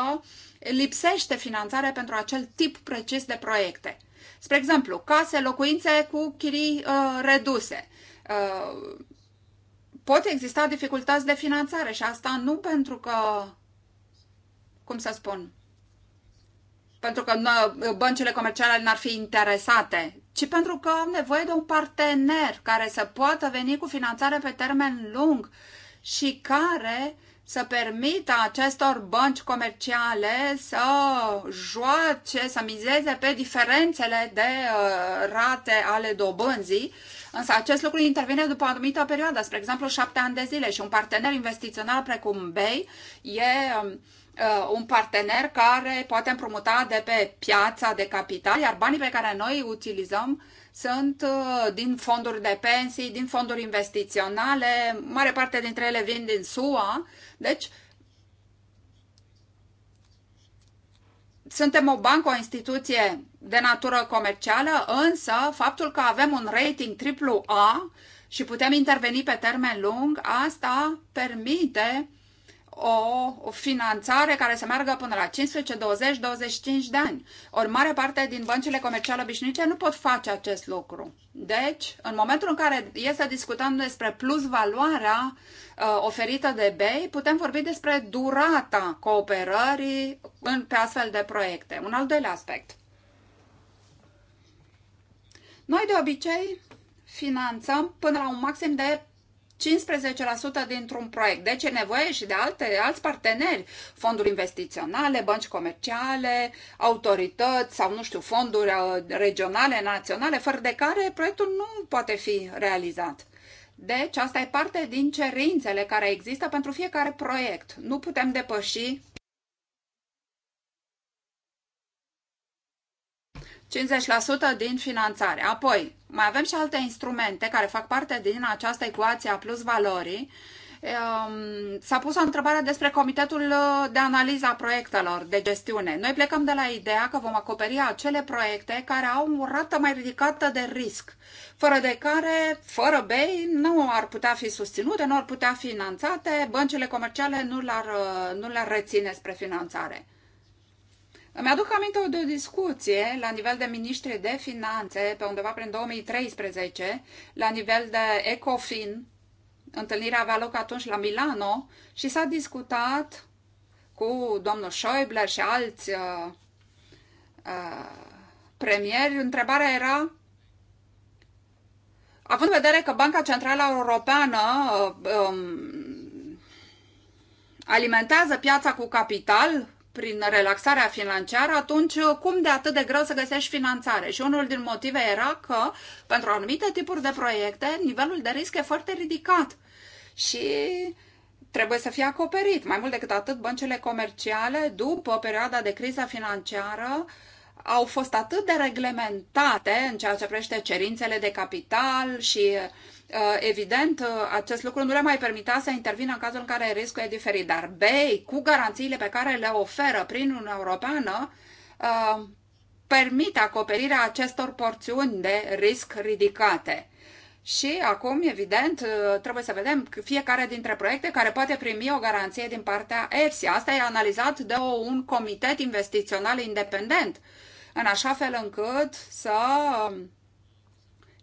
lipsește finanțare pentru acel tip precis de proiecte. Spre exemplu, case, locuințe cu chirii uh, reduse. Uh, pot exista dificultăți de finanțare și asta nu pentru că, cum să spun, pentru că băncile comerciale n-ar fi interesate, ci pentru că au nevoie de un partener care să poată veni cu finanțare pe termen lung și care să permită acestor bănci comerciale să joace, să mizeze pe diferențele de uh, rate ale dobânzii Însă acest lucru intervine după o anumită perioadă, spre exemplu șapte ani de zile și un partener investițional precum BEI e um, uh, un partener care poate împrumuta de pe piața de capital, iar banii pe care noi îi utilizăm sunt uh, din fonduri de pensii, din fonduri investiționale, mare parte dintre ele vin din SUA, deci suntem o bancă, o instituție de natură comercială, însă faptul că avem un rating AAA și putem interveni pe termen lung, asta permite o, finanțare care să meargă până la 15, 20, 25 de ani. Ori mare parte din băncile comerciale obișnuite nu pot face acest lucru. Deci, în momentul în care este discutăm despre plus valoarea uh, oferită de BEI, putem vorbi despre durata cooperării în, pe astfel de proiecte. Un al doilea aspect. Noi de obicei finanțăm până la un maxim de 15% dintr-un proiect. Deci e nevoie și de alte, alți parteneri, fonduri investiționale, bănci comerciale, autorități sau, nu știu, fonduri uh, regionale, naționale, fără de care proiectul nu poate fi realizat. Deci asta e parte din cerințele care există pentru fiecare proiect. Nu putem depăși 50% din finanțare. Apoi, mai avem și alte instrumente care fac parte din această ecuație a plus valorii. Ehm, s-a pus o întrebare despre Comitetul de Analiză a Proiectelor de Gestiune. Noi plecăm de la ideea că vom acoperi acele proiecte care au o rată mai ridicată de risc, fără de care, fără bei, nu ar putea fi susținute, nu ar putea fi finanțate, băncile comerciale nu le-ar, nu le-ar reține spre finanțare. Îmi aduc aminte de o discuție la nivel de ministri de finanțe pe undeva prin 2013, la nivel de ECOFIN. Întâlnirea avea loc atunci la Milano și s-a discutat cu domnul Schäuble și alți uh, uh, premieri. Întrebarea era Având în vedere că Banca Centrală Europeană uh, um, alimentează piața cu capital, prin relaxarea financiară, atunci cum de atât de greu să găsești finanțare? Și unul din motive era că pentru anumite tipuri de proiecte nivelul de risc e foarte ridicat și trebuie să fie acoperit. Mai mult decât atât, băncile comerciale, după perioada de criză financiară, au fost atât de reglementate în ceea ce privește cerințele de capital și uh, Uh, evident, uh, acest lucru nu le mai permitea să intervină în cazul în care riscul e diferit. Dar BEI, cu garanțiile pe care le oferă prin Uniunea Europeană, uh, permite acoperirea acestor porțiuni de risc ridicate. Și acum, evident, trebuie să vedem fiecare dintre proiecte care poate primi o garanție din partea EFSI. Asta e analizat de un comitet investițional independent, în așa fel încât să um,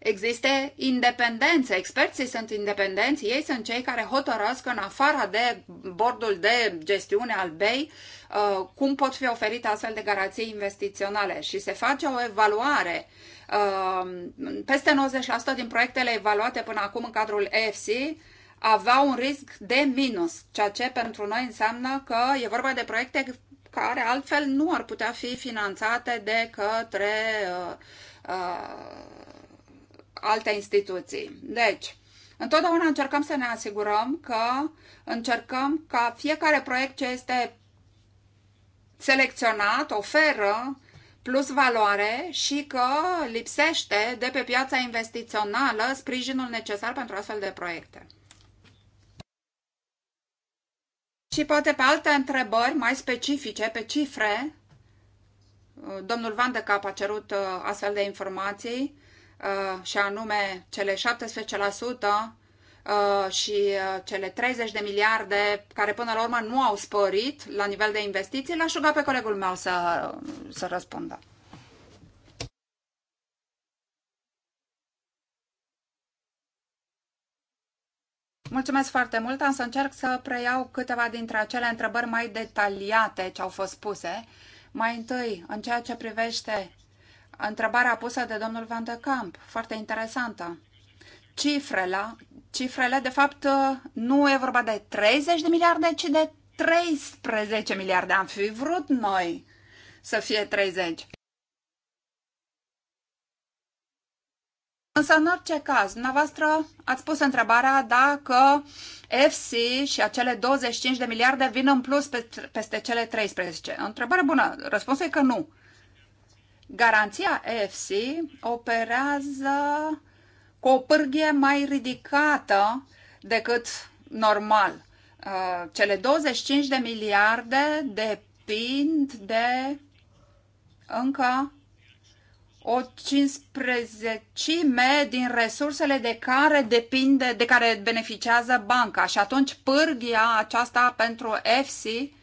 existe independență. Experții sunt independenți, ei sunt cei care hotărăsc în afara de bordul de gestiune al BEI uh, cum pot fi oferite astfel de garanții investiționale și se face o evaluare. Uh, peste 90% din proiectele evaluate până acum în cadrul EFC aveau un risc de minus, ceea ce pentru noi înseamnă că e vorba de proiecte care altfel nu ar putea fi finanțate de către uh, uh, alte instituții. Deci, întotdeauna încercăm să ne asigurăm că încercăm ca fiecare proiect ce este selecționat oferă plus valoare și că lipsește de pe piața investițională sprijinul necesar pentru astfel de proiecte. Și poate pe alte întrebări mai specifice, pe cifre, domnul Van de Cap a cerut uh, astfel de informații Uh, și anume cele 17% uh, și uh, cele 30 de miliarde care până la urmă nu au sporit la nivel de investiții, l-aș ruga pe colegul meu să, să răspundă. Mulțumesc foarte mult, am să încerc să preiau câteva dintre acele întrebări mai detaliate ce au fost puse. Mai întâi, în ceea ce privește întrebarea pusă de domnul Van de Camp, foarte interesantă. Cifrele, cifrele, de fapt, nu e vorba de 30 de miliarde, ci de 13 miliarde. Am fi vrut noi să fie 30. Însă, în orice caz, dumneavoastră ați pus întrebarea dacă FC și acele 25 de miliarde vin în plus peste cele 13. Întrebare bună. Răspunsul e că nu. Garanția EFC operează cu o pârghie mai ridicată decât normal. Uh, cele 25 de miliarde depind de încă o 15 din resursele de care depinde, de care beneficiază banca. Și atunci pârghia aceasta pentru EFSI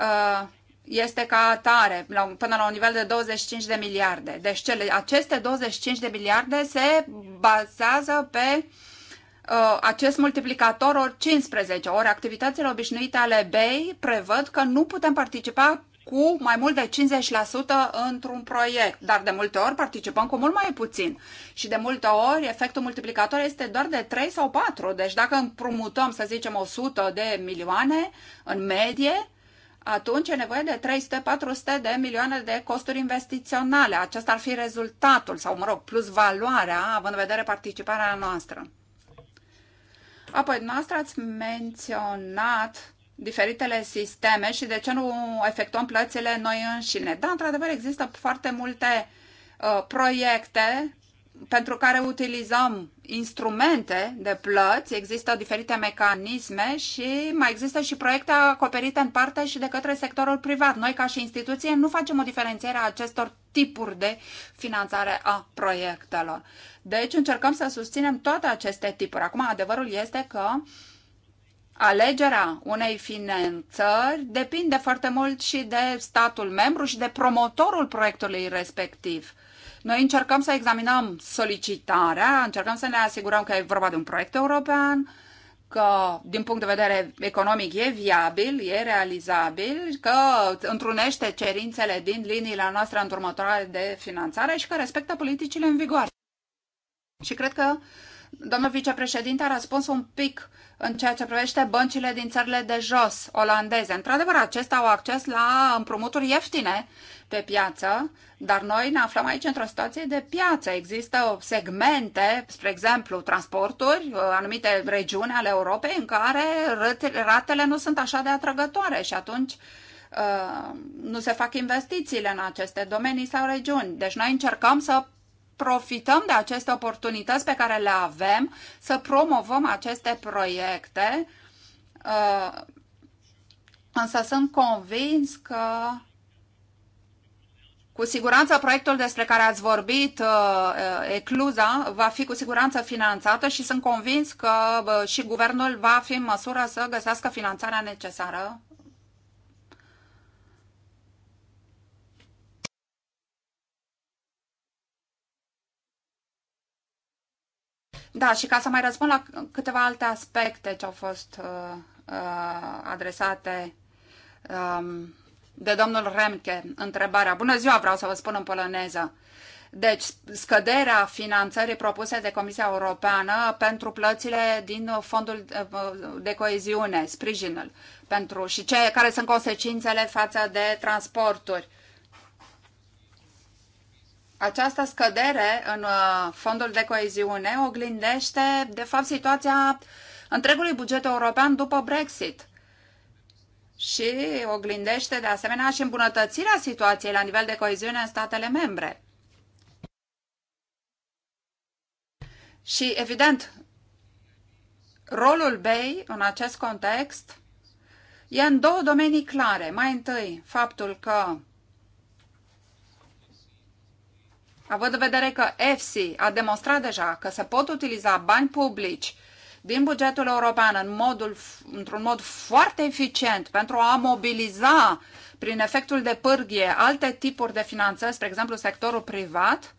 uh, este ca atare, la, până la un nivel de 25 de miliarde. Deci cele, aceste 25 de miliarde se bazează pe uh, acest multiplicator ori 15, ori activitățile obișnuite ale BEI prevăd că nu putem participa cu mai mult de 50% într-un proiect, dar de multe ori participăm cu mult mai puțin. Și de multe ori efectul multiplicator este doar de 3 sau 4. Deci dacă împrumutăm, să zicem, 100 de milioane în medie, atunci e nevoie de 300-400 de milioane de costuri investiționale. Acesta ar fi rezultatul sau, mă rog, plus valoarea, având în vedere participarea noastră. Apoi, noastră ați menționat diferitele sisteme și de ce nu efectuăm plățile noi înșine. Da, într-adevăr, există foarte multe uh, proiecte pentru care utilizăm instrumente de plăți, există diferite mecanisme și mai există și proiecte acoperite în parte și de către sectorul privat. Noi, ca și instituție, nu facem o diferențiere a acestor tipuri de finanțare a proiectelor. Deci încercăm să susținem toate aceste tipuri. Acum, adevărul este că alegerea unei finanțări depinde foarte mult și de statul membru și de promotorul proiectului respectiv. Noi încercăm să examinăm solicitarea, încercăm să ne asigurăm că e vorba de un proiect european, că din punct de vedere economic e viabil, e realizabil, că întrunește cerințele din liniile noastre în următoare de finanțare și că respectă politicile în vigoare. Și cred că domnul vicepreședinte a răspuns un pic în ceea ce privește băncile din țările de jos, olandeze. Într-adevăr, acestea au acces la împrumuturi ieftine pe piață, dar noi ne aflăm aici într-o situație de piață. Există segmente, spre exemplu, transporturi, anumite regiuni ale Europei în care ratele nu sunt așa de atrăgătoare și atunci uh, nu se fac investițiile în aceste domenii sau regiuni. Deci noi încercăm să profităm de aceste oportunități pe care le avem, să promovăm aceste proiecte, uh, însă sunt convins că cu siguranță proiectul despre care ați vorbit, uh, uh, Ecluza, va fi cu siguranță finanțată și sunt convins că și guvernul va fi în măsură să găsească finanțarea necesară Da, și ca să mai răspund la câteva alte aspecte ce au fost uh, uh, adresate um, de domnul Remke, întrebarea. Bună ziua, vreau să vă spun în poloneză. Deci, scăderea finanțării propuse de Comisia Europeană pentru plățile din fondul uh, de coeziune, sprijinul pentru și ce, care sunt consecințele față de transporturi această scădere în uh, fondul de coeziune oglindește, de fapt, situația întregului buget european după Brexit și oglindește, de asemenea, și îmbunătățirea situației la nivel de coeziune în statele membre. Și, evident, rolul BEI în acest context e în două domenii clare. Mai întâi, faptul că Având în vedere că EFSI a demonstrat deja că se pot utiliza bani publici din bugetul european în modul, într-un mod foarte eficient pentru a mobiliza prin efectul de pârghie alte tipuri de finanțări, spre exemplu sectorul privat,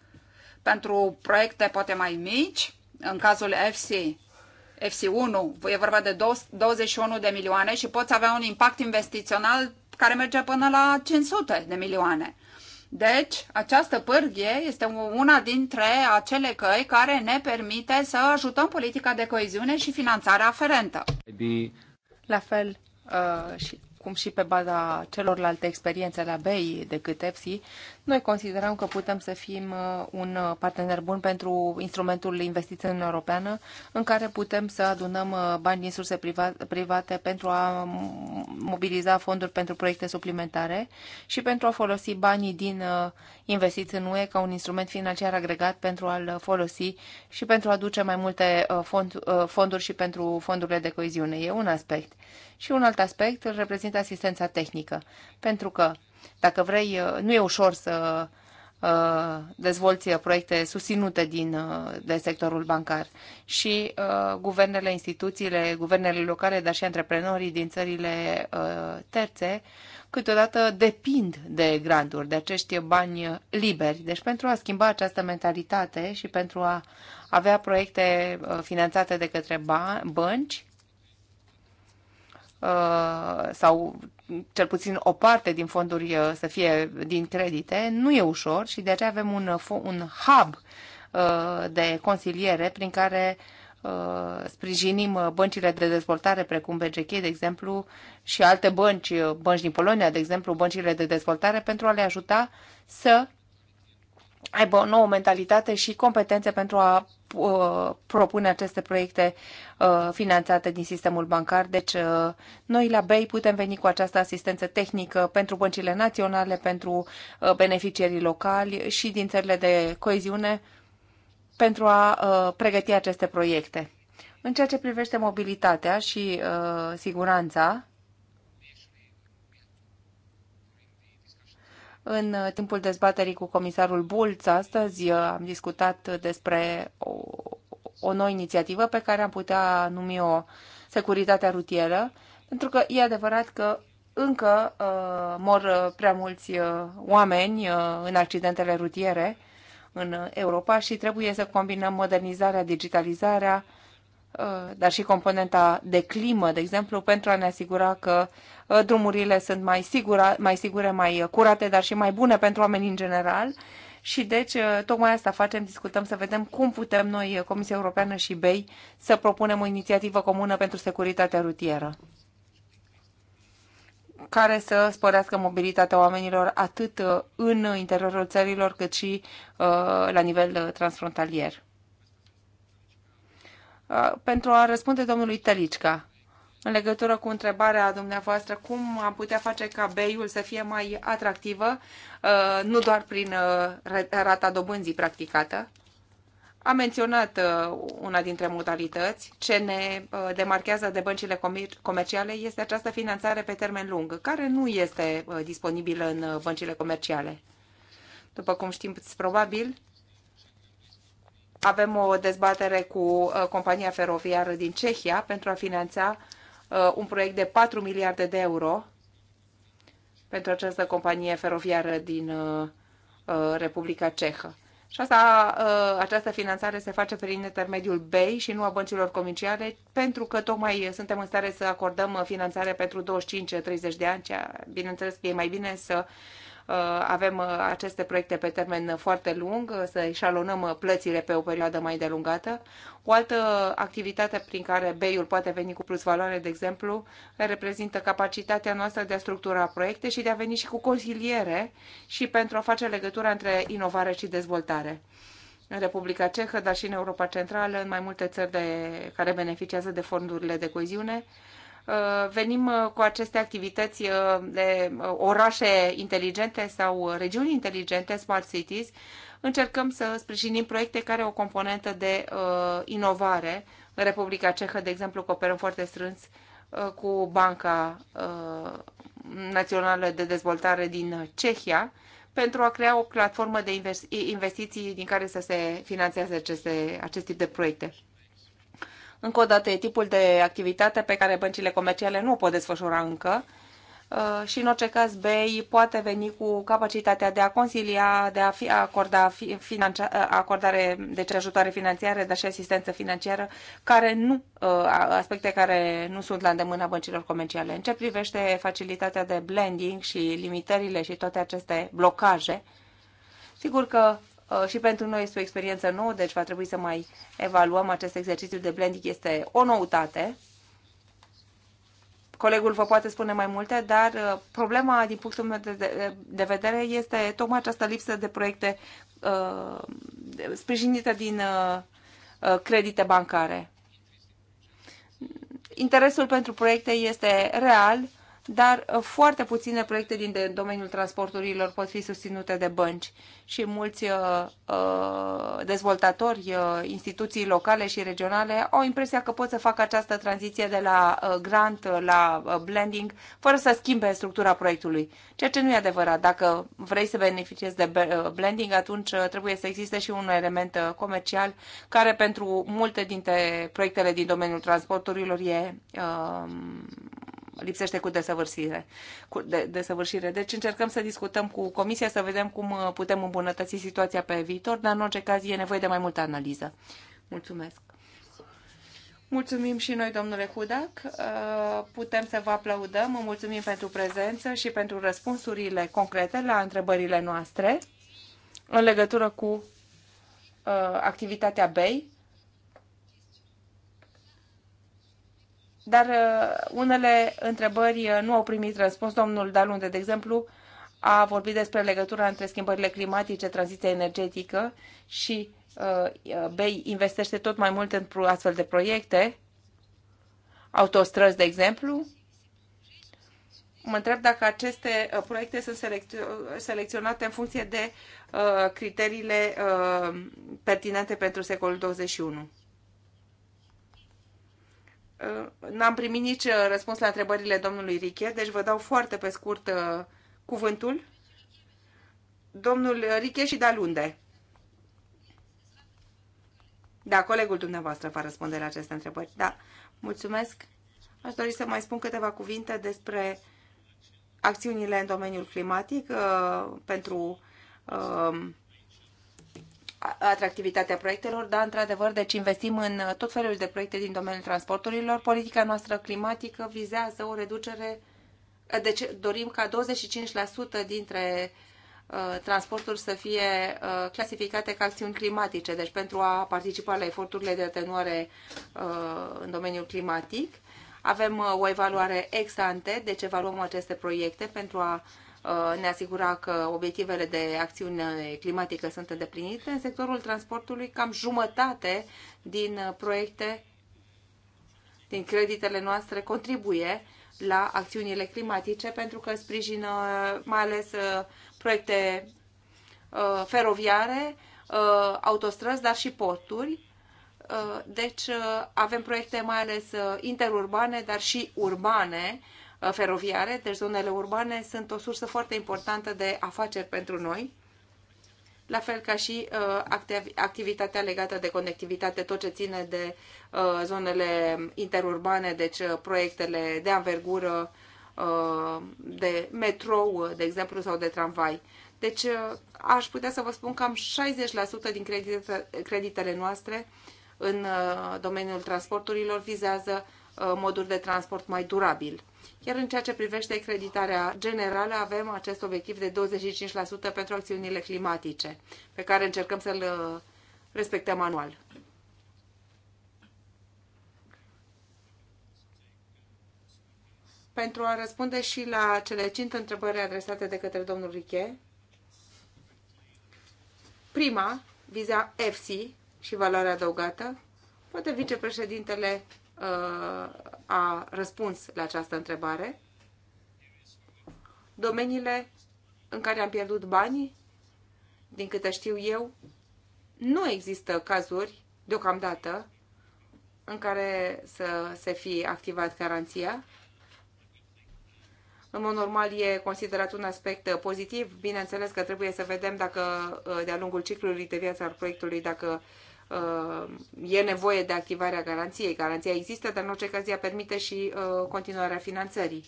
pentru proiecte poate mai mici, în cazul FC, FC1 e vorba de 21 de milioane și poți avea un impact investițional care merge până la 500 de milioane. Deci, această pârghie este una dintre acele căi care ne permite să ajutăm politica de coeziune și finanțarea aferentă. La fel uh, și cum și pe baza celorlalte experiențe la BEI decât EPSI, noi considerăm că putem să fim uh, un partener bun pentru instrumentul investiției în europeană, în care putem să adunăm uh, bani din surse private pentru a mobiliza fonduri pentru proiecte suplimentare și pentru a folosi banii din uh, investiții în UE ca un instrument financiar agregat pentru a-l folosi și pentru a duce mai multe fonduri și pentru fondurile de coeziune. E un aspect. Și un alt aspect îl reprezintă asistența tehnică. Pentru că dacă vrei, uh, nu e ușor să uh, dezvolți uh, proiecte susținute din, de sectorul bancar și uh, guvernele, instituțiile, guvernele locale, dar și antreprenorii din țările uh, terțe, câteodată depind de granturi, de acești bani liberi. Deci pentru a schimba această mentalitate și pentru a avea proiecte finanțate de către bănci, Uh, sau cel puțin o parte din fonduri uh, să fie din credite, nu e ușor și de aceea avem un, uh, un hub de consiliere prin care sprijinim băncile de dezvoltare precum BGK, de exemplu, și alte bănci, bănci din Polonia, de exemplu, băncile de dezvoltare, pentru a le ajuta să aibă o nouă mentalitate și competențe pentru a uh, propune aceste proiecte uh, finanțate din sistemul bancar. Deci, uh, noi la BEI putem veni cu această asistență tehnică pentru băncile naționale, pentru beneficiarii locali și din țările de coeziune pentru a pregăti aceste proiecte. În ceea ce privește mobilitatea și siguranța, În uh, timpul dezbaterii cu comisarul Bulț astăzi uh, am discutat despre o, o nouă inițiativă pe care am putea numi o securitatea rutieră, pentru că e adevărat că încă uh, mor prea mulți uh, oameni uh, în accidentele rutiere în Europa și trebuie să combinăm modernizarea, digitalizarea, uh, Uh, dar și componenta de climă, de exemplu, pentru a ne asigura că uh, drumurile sunt mai, sigura, mai sigure, mai uh, curate, dar și mai bune pentru oamenii în general. Și deci, tocmai asta facem, discutăm să vedem cum putem noi, Comisia Europeană și BEI, să propunem o inițiativă comună pentru securitatea rutieră care să sporească mobilitatea oamenilor atât în interiorul țărilor cât și uh, la nivel transfrontalier. Uh, pentru a răspunde domnului Tălicica în legătură cu întrebarea dumneavoastră cum am putea face ca beiul să fie mai atractivă, uh, nu doar prin uh, rata dobânzii practicată. Am menționat una dintre modalități. Ce ne demarchează de băncile comerciale este această finanțare pe termen lung, care nu este disponibilă în băncile comerciale. După cum știți, probabil, avem o dezbatere cu uh, compania feroviară din Cehia pentru a finanța uh, un proiect de 4 miliarde de euro pentru această companie feroviară din uh, Republica Cehă. Și asta, această finanțare se face prin intermediul BEI și nu a băncilor comerciale, pentru că tocmai suntem în stare să acordăm finanțare pentru 25-30 de ani, ceea, bineînțeles că e mai bine să Uh, avem uh, aceste proiecte pe termen foarte lung, uh, să eșalonăm plățile pe o perioadă mai delungată. O altă activitate prin care BEI-ul poate veni cu plus valoare, de exemplu, reprezintă capacitatea noastră de a structura proiecte și de a veni și cu consiliere și pentru a face legătura între inovare și dezvoltare în Republica Cehă, dar și în Europa Centrală, în mai multe țări de, care beneficiază de fondurile de coeziune. Uh, venim uh, cu aceste activități uh, de orașe inteligente sau regiuni inteligente, smart cities, încercăm să sprijinim proiecte care au o componentă de inovare. În Republica Cehă, de exemplu, cooperăm foarte strâns cu Banca Națională de Dezvoltare din Cehia pentru a crea o platformă de investiții din care să se finanțeze aceste, acest tip de proiecte. Încă o dată e tipul de activitate pe care băncile comerciale nu o pot desfășura încă uh, și în orice caz BEI poate veni cu capacitatea de a consilia, de a fi, acorda finanța, uh, acordare, deci ajutoare financiare, dar și asistență financiară, care nu, uh, aspecte care nu sunt la îndemâna băncilor comerciale. În ce privește facilitatea de blending și limitările și toate aceste blocaje, sigur că Uh, și pentru noi este o experiență nouă, deci va trebui să mai evaluăm acest exercițiu de blending. Este o noutate. Colegul vă poate spune mai multe, dar uh, problema din punctul meu de, vedere este tocmai această lipsă de proiecte uh, sprijinite din uh, uh credite bancare. Interesul pentru proiecte este real, dar uh, foarte puține proiecte din domeniul transporturilor pot fi susținute de bănci și mulți uh, uh, dezvoltatori, instituții locale și regionale au impresia că pot să facă această tranziție de la grant la blending fără să schimbe structura proiectului, ceea ce nu e adevărat. Dacă vrei să beneficiezi de blending, atunci trebuie să existe și un element comercial care pentru multe dintre proiectele din domeniul transporturilor e um, lipsește cu desăvârșire. Cu de, desăvârșire. Deci încercăm să discutăm cu Comisia să vedem cum uh, putem îmbunătăți situația pe viitor, dar în orice caz e nevoie de mai multă analiză. Mulțumesc! Mulțumim și noi, domnule Hudac. Uh, putem să vă aplaudăm. Mulțumim pentru prezență și pentru răspunsurile concrete la întrebările noastre în legătură cu uh, activitatea BEI dar uh, unele întrebări uh, nu au primit răspuns. Domnul Dalunde, de exemplu, a vorbit despre legătura între schimbările climatice, tranziția energetică și uh, BEI investește tot mai mult în astfel de proiecte, autostrăzi, de exemplu. Mă întreb dacă aceste proiecte sunt selecționate în funcție de criteriile pertinente pentru secolul 21. Uh, n-am primit nici uh, răspuns la întrebările domnului Riche, deci vă dau foarte pe scurt uh, cuvântul. Domnul Riche și Dalunde. Da, colegul dumneavoastră va răspunde la aceste întrebări. Da, mulțumesc. Aș dori să mai spun câteva cuvinte despre acțiunile în domeniul climatic pentru atractivitatea proiectelor, dar într-adevăr, deci investim în tot felul de proiecte din domeniul transporturilor. Politica noastră climatică vizează o reducere, deci dorim ca 25% dintre uh, transporturi să fie uh, clasificate ca acțiuni climatice, deci pentru a participa la eforturile de atenuare uh, în domeniul climatic. Avem o evaluare ex ante, deci evaluăm aceste proiecte pentru a Uh, ne asigura că obiectivele de acțiune climatică sunt îndeplinite. În sectorul transportului, cam jumătate din proiecte, din creditele noastre, contribuie la acțiunile climatice pentru că sprijină mai ales uh, proiecte uh, feroviare, autostrăzi, dar și porturi. Deci avem proiecte mai ales interurbane, dar și urbane, Uh, feroviare, deci zonele urbane sunt o sursă foarte importantă de afaceri pentru noi, la fel ca și uh, activitatea legată de conectivitate, tot ce ține de uh, zonele interurbane, deci proiectele de anvergură, de metrou, de exemplu, sau de tramvai. Deci aș putea să vă spun că am 60% din creditele noastre în domeniul transporturilor vizează moduri de transport mai durabil. Iar în ceea ce privește creditarea generală, avem acest obiectiv de 25% pentru acțiunile climatice, pe care încercăm să-l uh, respectăm anual. Pentru a răspunde și la cele cinci întrebări adresate de către domnul Riche, prima viza EFSI și valoarea adăugată, poate vicepreședintele Uh, a răspuns la această întrebare. Domeniile în care am pierdut banii, din câte știu eu, nu există cazuri deocamdată în care să se fi activat garanția. În mod normal e considerat un aspect uh, pozitiv. Bineînțeles că trebuie să vedem dacă uh, de-a lungul ciclului de viață al proiectului, dacă uh, Uh, e nevoie de activarea garanției. Garanția există, dar în orice caz ea permite și uh, continuarea finanțării.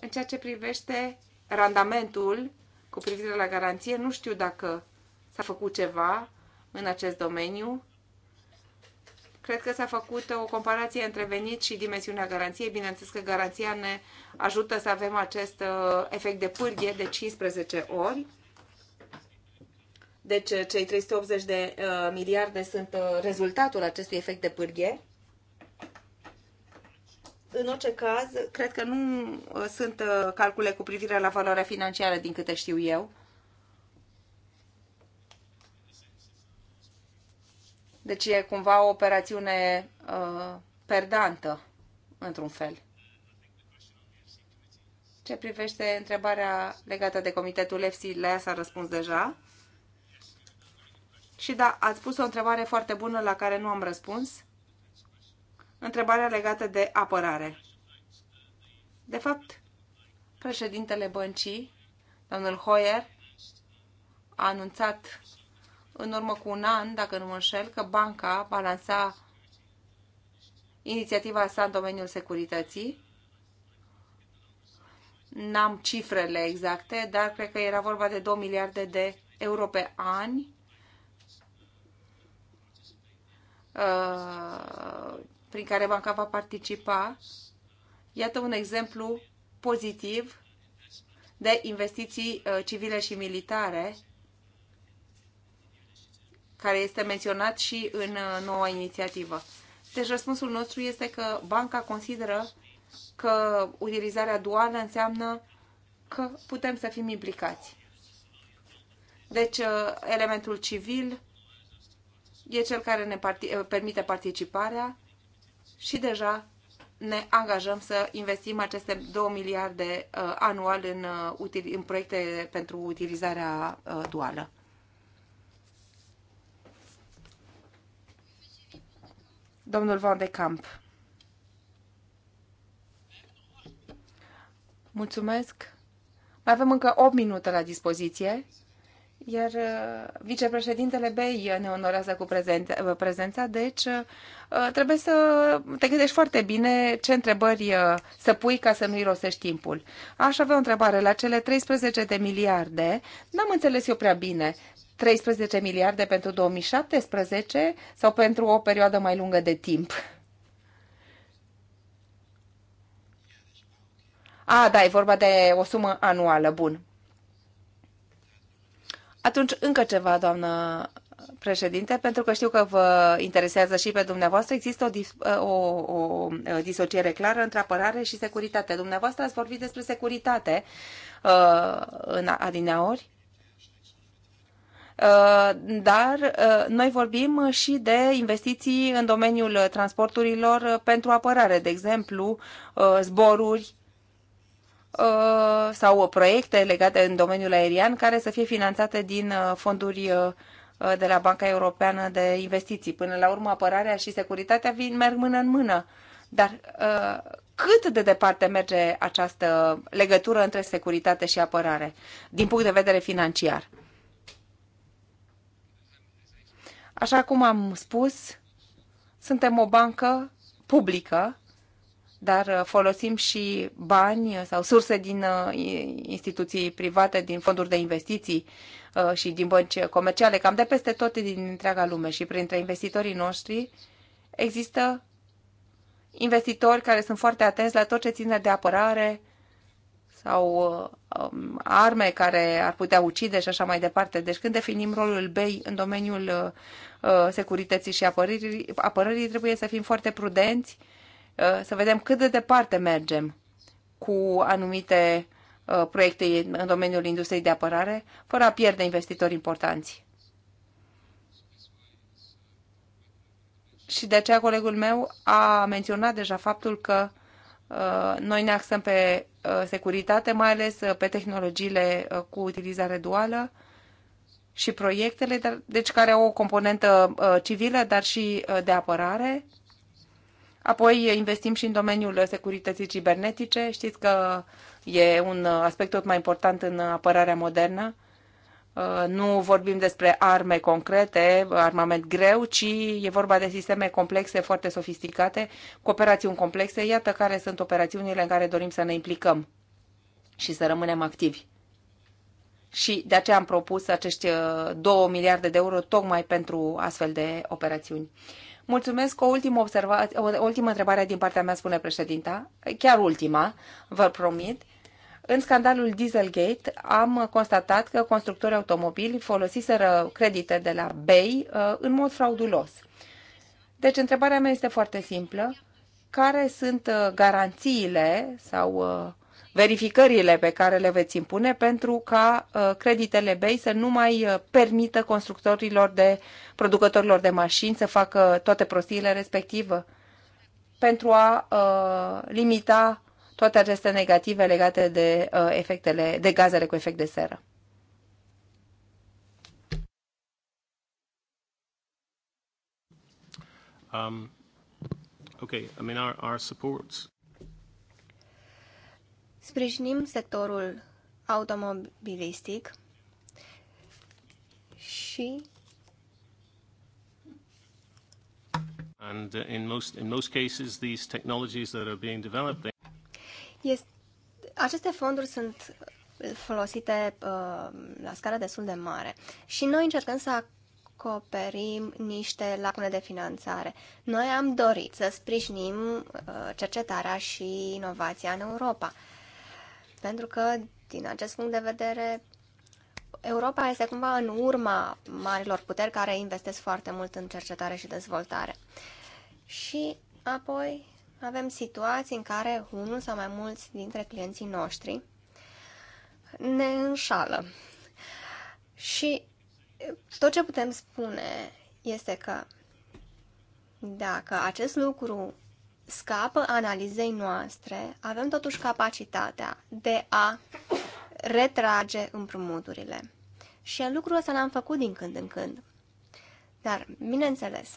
În ceea ce privește randamentul cu privire la garanție, nu știu dacă s-a făcut ceva în acest domeniu. Cred că s-a făcut o comparație între venit și dimensiunea garanției. Bineînțeles că garanția ne ajută să avem acest uh, efect de pârghie de 15 ori deci eh, cei 380 de uh, miliarde sunt uh, rezultatul acestui efect de pârghie. În orice caz, cred că nu sunt uh, calcule cu privire la valoarea financiară, din câte știu eu. Deci e cumva o operațiune uh, perdantă, într-un fel. Ce privește întrebarea legată de comitetul EFSI, la ea s-a răspuns deja. Și da, ați pus o întrebare foarte bună la care nu am răspuns. Întrebarea legată de apărare. De fapt, președintele băncii, domnul Hoyer, a anunțat în urmă cu un an, dacă nu mă înșel, că banca va lansa inițiativa sa în domeniul securității. N-am cifrele exacte, dar cred că era vorba de 2 miliarde de euro pe ani Uh, prin care banca va participa. Iată un exemplu pozitiv de investiții uh, civile și militare care este menționat și în uh, noua inițiativă. Deci răspunsul nostru este că banca consideră că utilizarea duală înseamnă că putem să fim implicați. Deci elementul civil e cel care ne parti- eh, permite participarea și deja ne angajăm să investim aceste 2 miliarde uh, anual în, uh, în proiecte pentru utilizarea uh, duală. Domnul Van de Camp. Mulțumesc. Mai avem încă 8 minute la dispoziție. Iar uh, vicepreședintele BEI ne onorează cu prezența, uh, prezența deci uh, trebuie să te gândești foarte bine ce întrebări să pui ca să nu irosești timpul. Aș avea o întrebare. La cele 13 de miliarde, n-am înțeles eu prea bine, 13 miliarde pentru 2017 sau pentru o perioadă mai lungă de timp? A, ah, da, e vorba de o sumă anuală. Bun. Atunci, încă ceva, doamnă președinte, pentru că știu că vă interesează și pe dumneavoastră, există o, dis- o, o disociere clară între apărare și securitate. Dumneavoastră ați vorbit despre securitate uh, în adineori, uh, dar uh, noi vorbim și de investiții în domeniul transporturilor pentru apărare, de exemplu, uh, zboruri Uh, sau proiecte legate în domeniul aerian care să fie finanțate din uh, fonduri uh, de la Banca Europeană de Investiții. Până la urmă, apărarea și securitatea vin, merg mână în mână. Dar cât de departe merge această legătură între securitate și apărare, din punct de vedere financiar? Așa cum am spus, suntem o bancă publică dar uh, folosim și bani sau surse din uh, instituții private, din fonduri de investiții uh, și din bănci comerciale, cam de peste tot din întreaga lume și printre investitorii noștri există investitori care sunt foarte atenți la tot ce ține de apărare sau um, arme care ar putea ucide și așa mai departe. Deci când definim rolul BEI în domeniul securității și apărării, apărării, trebuie să fim foarte prudenți Uh, să vedem cât de departe mergem cu anumite uh, proiecte în domeniul industriei de apărare, fără a pierde investitori importanți. Și de aceea colegul meu a menționat deja faptul că uh, noi ne axăm pe securitate, mai ales pe tehnologiile cu utilizare duală și proiectele, deci care au o componentă civilă, dar și de apărare Apoi investim și în domeniul securității cibernetice. Știți că e un aspect tot mai important în apărarea modernă. Uh, nu vorbim despre arme concrete, armament greu, ci e vorba de sisteme complexe, foarte sofisticate, cu operațiuni complexe. Iată care sunt operațiunile în care dorim să ne implicăm și să rămânem activi. Și de aceea am propus acești 2 uh, miliarde de euro tocmai pentru astfel de operațiuni. Mulțumesc. O ultimă, observa- o ultimă întrebare din partea mea, spune președinta. Chiar ultima, vă promit. În scandalul Dieselgate am constatat că constructorii automobili folosiseră credite de la BEI uh, în mod fraudulos. Deci întrebarea mea este foarte simplă. Care sunt uh, garanțiile sau uh, verificările pe care le veți impune pentru ca uh, creditele BEI să nu mai uh, permită constructorilor de, producătorilor de mașini să facă toate prostiile respectivă pentru a uh, limita toate aceste negative legate de uh, efectele de gazele cu efect de seră. Um, okay, I mean our, our supports Sprijinim sectorul automobilistic și And in most, in most cases, these technologies that are being developed, they... Este, aceste fonduri sunt uh, folosite uh, la scară destul de mare și noi încercăm să acoperim niște lacune de finanțare. Noi am dorit să sprijinim uh, cercetarea și inovația în Europa. Uh, pentru că, din acest punct de vedere, Europa este cumva în urma marilor puteri care investesc foarte mult în cercetare și dezvoltare. Și apoi avem situații în care unul sau mai mulți dintre clienții noștri ne înșală. Și tot ce putem spune este că dacă acest lucru scapă analizei noastre, avem totuși capacitatea de a retrage împrumuturile. Și lucrul ăsta l-am făcut din când în când. Dar, bineînțeles,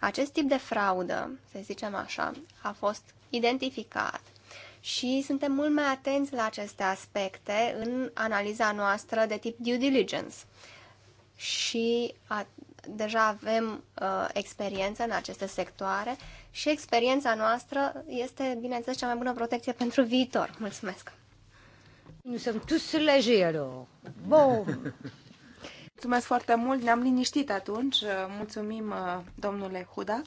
acest tip de fraudă, să zicem așa, a fost identificat și suntem mult mai atenți la aceste aspecte în analiza noastră de tip due diligence. Și a, deja avem uh, experiență în aceste sectoare și experiența noastră este, bineînțeles, cea mai bună protecție pentru viitor. Mulțumesc! Nu sunt tous légers. Bun! Mulțumesc foarte mult, ne-am liniștit atunci. Mulțumim, uh, domnule Hudac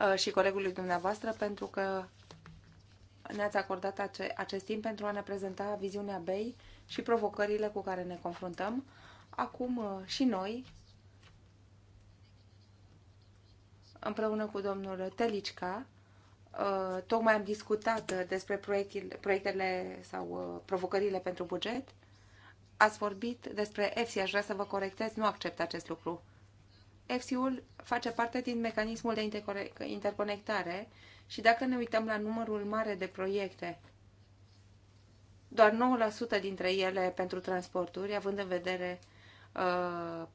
uh, și colegului dumneavoastră pentru că ne-ați acordat ace acest timp pentru a ne prezenta viziunea BEI și provocările cu care ne confruntăm. Acum uh, și noi împreună cu domnul Telicca, uh, tocmai am discutat uh, despre proiectele sau uh, provocările pentru buget. Ați vorbit despre EFSI, aș vrea să vă corectez, nu accept acest lucru. EFSI-ul face parte din mecanismul de interconectare și dacă ne uităm la numărul mare de proiecte, doar 9% dintre ele pentru transporturi, având în vedere uh, Uh,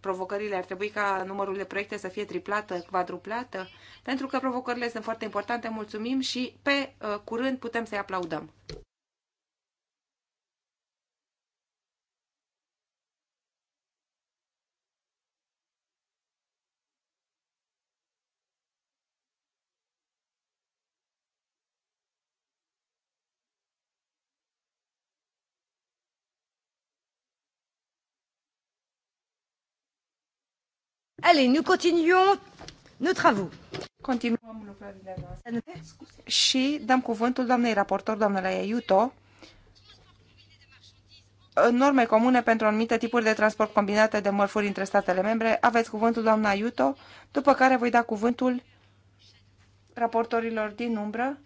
provocările, ar trebui ca numărul de proiecte să fie triplată, quadruplată, pentru că provocările sunt foarte importante, mulțumim și pe uh, curând putem să-i aplaudăm. Allez, nous continuons nos travaux. Continuăm lucrările noastre și dăm cuvântul doamnei raportor, doamnele Iuto, norme comune pentru anumite tipuri de transport combinate de mărfuri între statele membre. Aveți cuvântul, doamna Iuto, după care voi da cuvântul raportorilor din umbră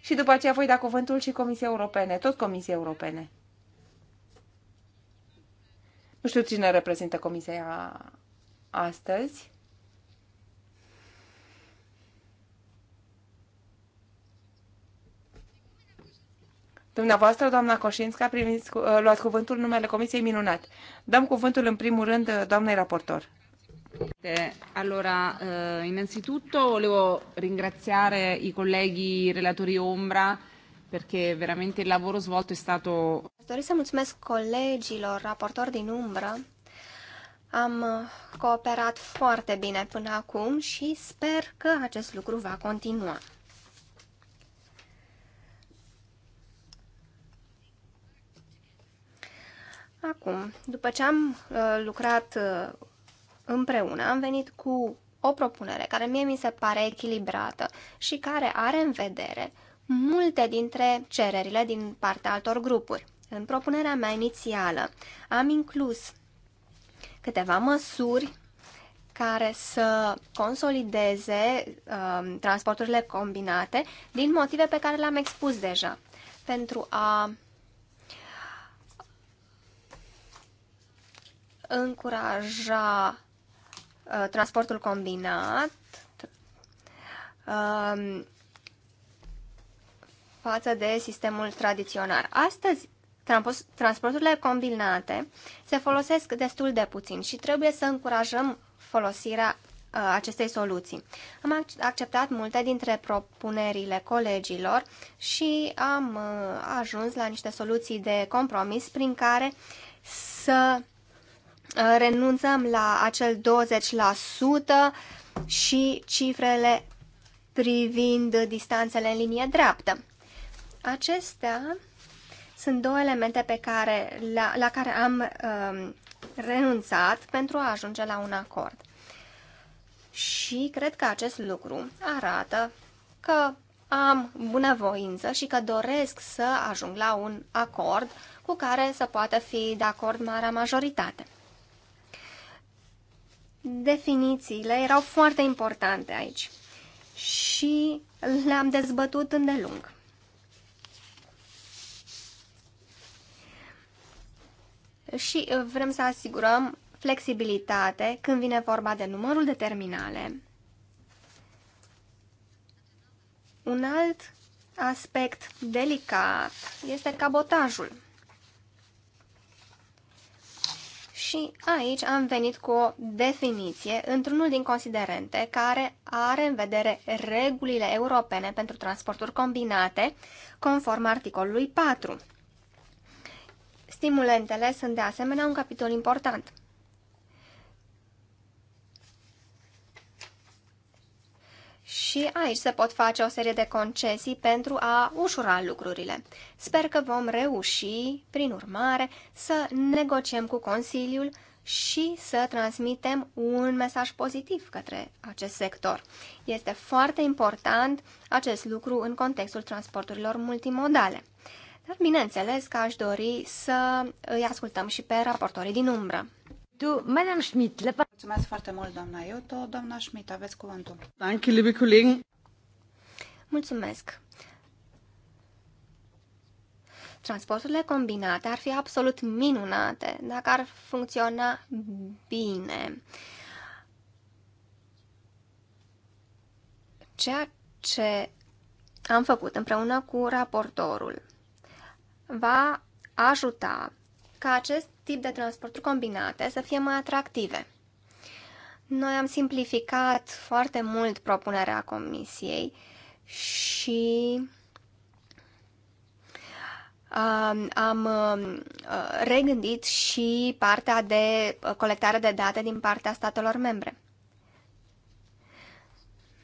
și după aceea voi da cuvântul și Comisiei Europene, tot Comisiei Europene. Nu știu cine reprezintă comisia astăzi. Dumneavoastră, doamna Coșinska, primiți, uh, luați cuvântul numele Comisiei Minunat. Dăm cuvântul în primul rând uh, doamnei raportor. Allora, uh, innanzitutto volevo ringraziare i colleghi relatori Ombra perché veramente il lavoro svolto è stato... Doresc să mulțumesc colegilor, raportori din umbră. Am cooperat foarte bine până acum și sper că acest lucru va continua. Acum, după ce am uh, lucrat uh, împreună, am venit cu o propunere care mie mi se pare echilibrată și care are în vedere multe dintre cererile din partea altor grupuri. În propunerea mea inițială am inclus câteva măsuri care să consolideze uh, transporturile combinate din motive pe care le-am expus deja. Pentru a încuraja uh, transportul combinat, uh, față de sistemul tradițional. Astăzi, transporturile combinate se folosesc destul de puțin și trebuie să încurajăm folosirea uh, acestei soluții. Am acceptat multe dintre propunerile colegilor și am uh, ajuns la niște soluții de compromis prin care să uh, renunțăm la acel 20% și cifrele privind distanțele în linie dreaptă. Acestea sunt două elemente pe care, la, la care am um, renunțat pentru a ajunge la un acord. Și cred că acest lucru arată că am bunăvoință și că doresc să ajung la un acord cu care să poată fi de acord marea majoritate. Definițiile erau foarte importante aici și le-am dezbătut îndelung. și uh, vrem să asigurăm flexibilitate când vine vorba de numărul de terminale. Un alt aspect delicat este cabotajul. Și aici am venit cu o definiție într-unul din considerente care are în vedere regulile europene pentru transporturi combinate, conform articolului 4. Stimulentele sunt de asemenea un capitol important. Și aici se pot face o serie de concesii pentru a ușura lucrurile. Sper că vom reuși, prin urmare, să negociem cu Consiliul și să transmitem un mesaj pozitiv către acest sector. Este foarte important acest lucru în contextul transporturilor multimodale. Dar bineînțeles că aș dori să îi ascultăm și pe raportorii din umbră. Tu, Madame Schmidt, le... Mulțumesc foarte mult, doamna Iuto. Doamna Schmidt, aveți cuvântul. Danke, liebe Kollegen. Mulțumesc. Transporturile combinate ar fi absolut minunate dacă ar funcționa bine. Ceea ce am făcut împreună cu raportorul va ajuta ca acest tip de transporturi combinate să fie mai atractive. Noi am simplificat foarte mult propunerea comisiei și um, am um, uh, regândit și partea de uh, colectare de date din partea statelor membre.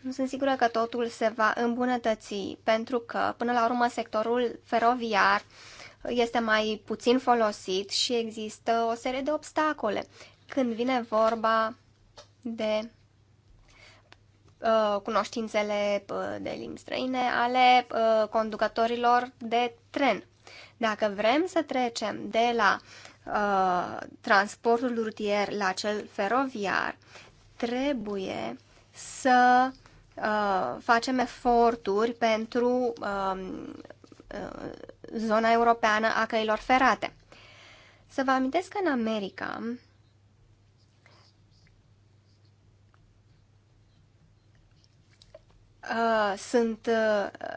Nu sunt sigură că totul se va îmbunătăți, pentru că, până la urmă, sectorul feroviar este mai puțin folosit și există o serie de obstacole. Când vine vorba de uh, cunoștințele uh, de limbi străine ale uh, conducătorilor de tren. Dacă vrem să trecem de la uh, transportul rutier la cel feroviar, trebuie să Uh, facem eforturi pentru um, uh, zona europeană a căilor ferate. Să vă amintesc că în America uh, sunt,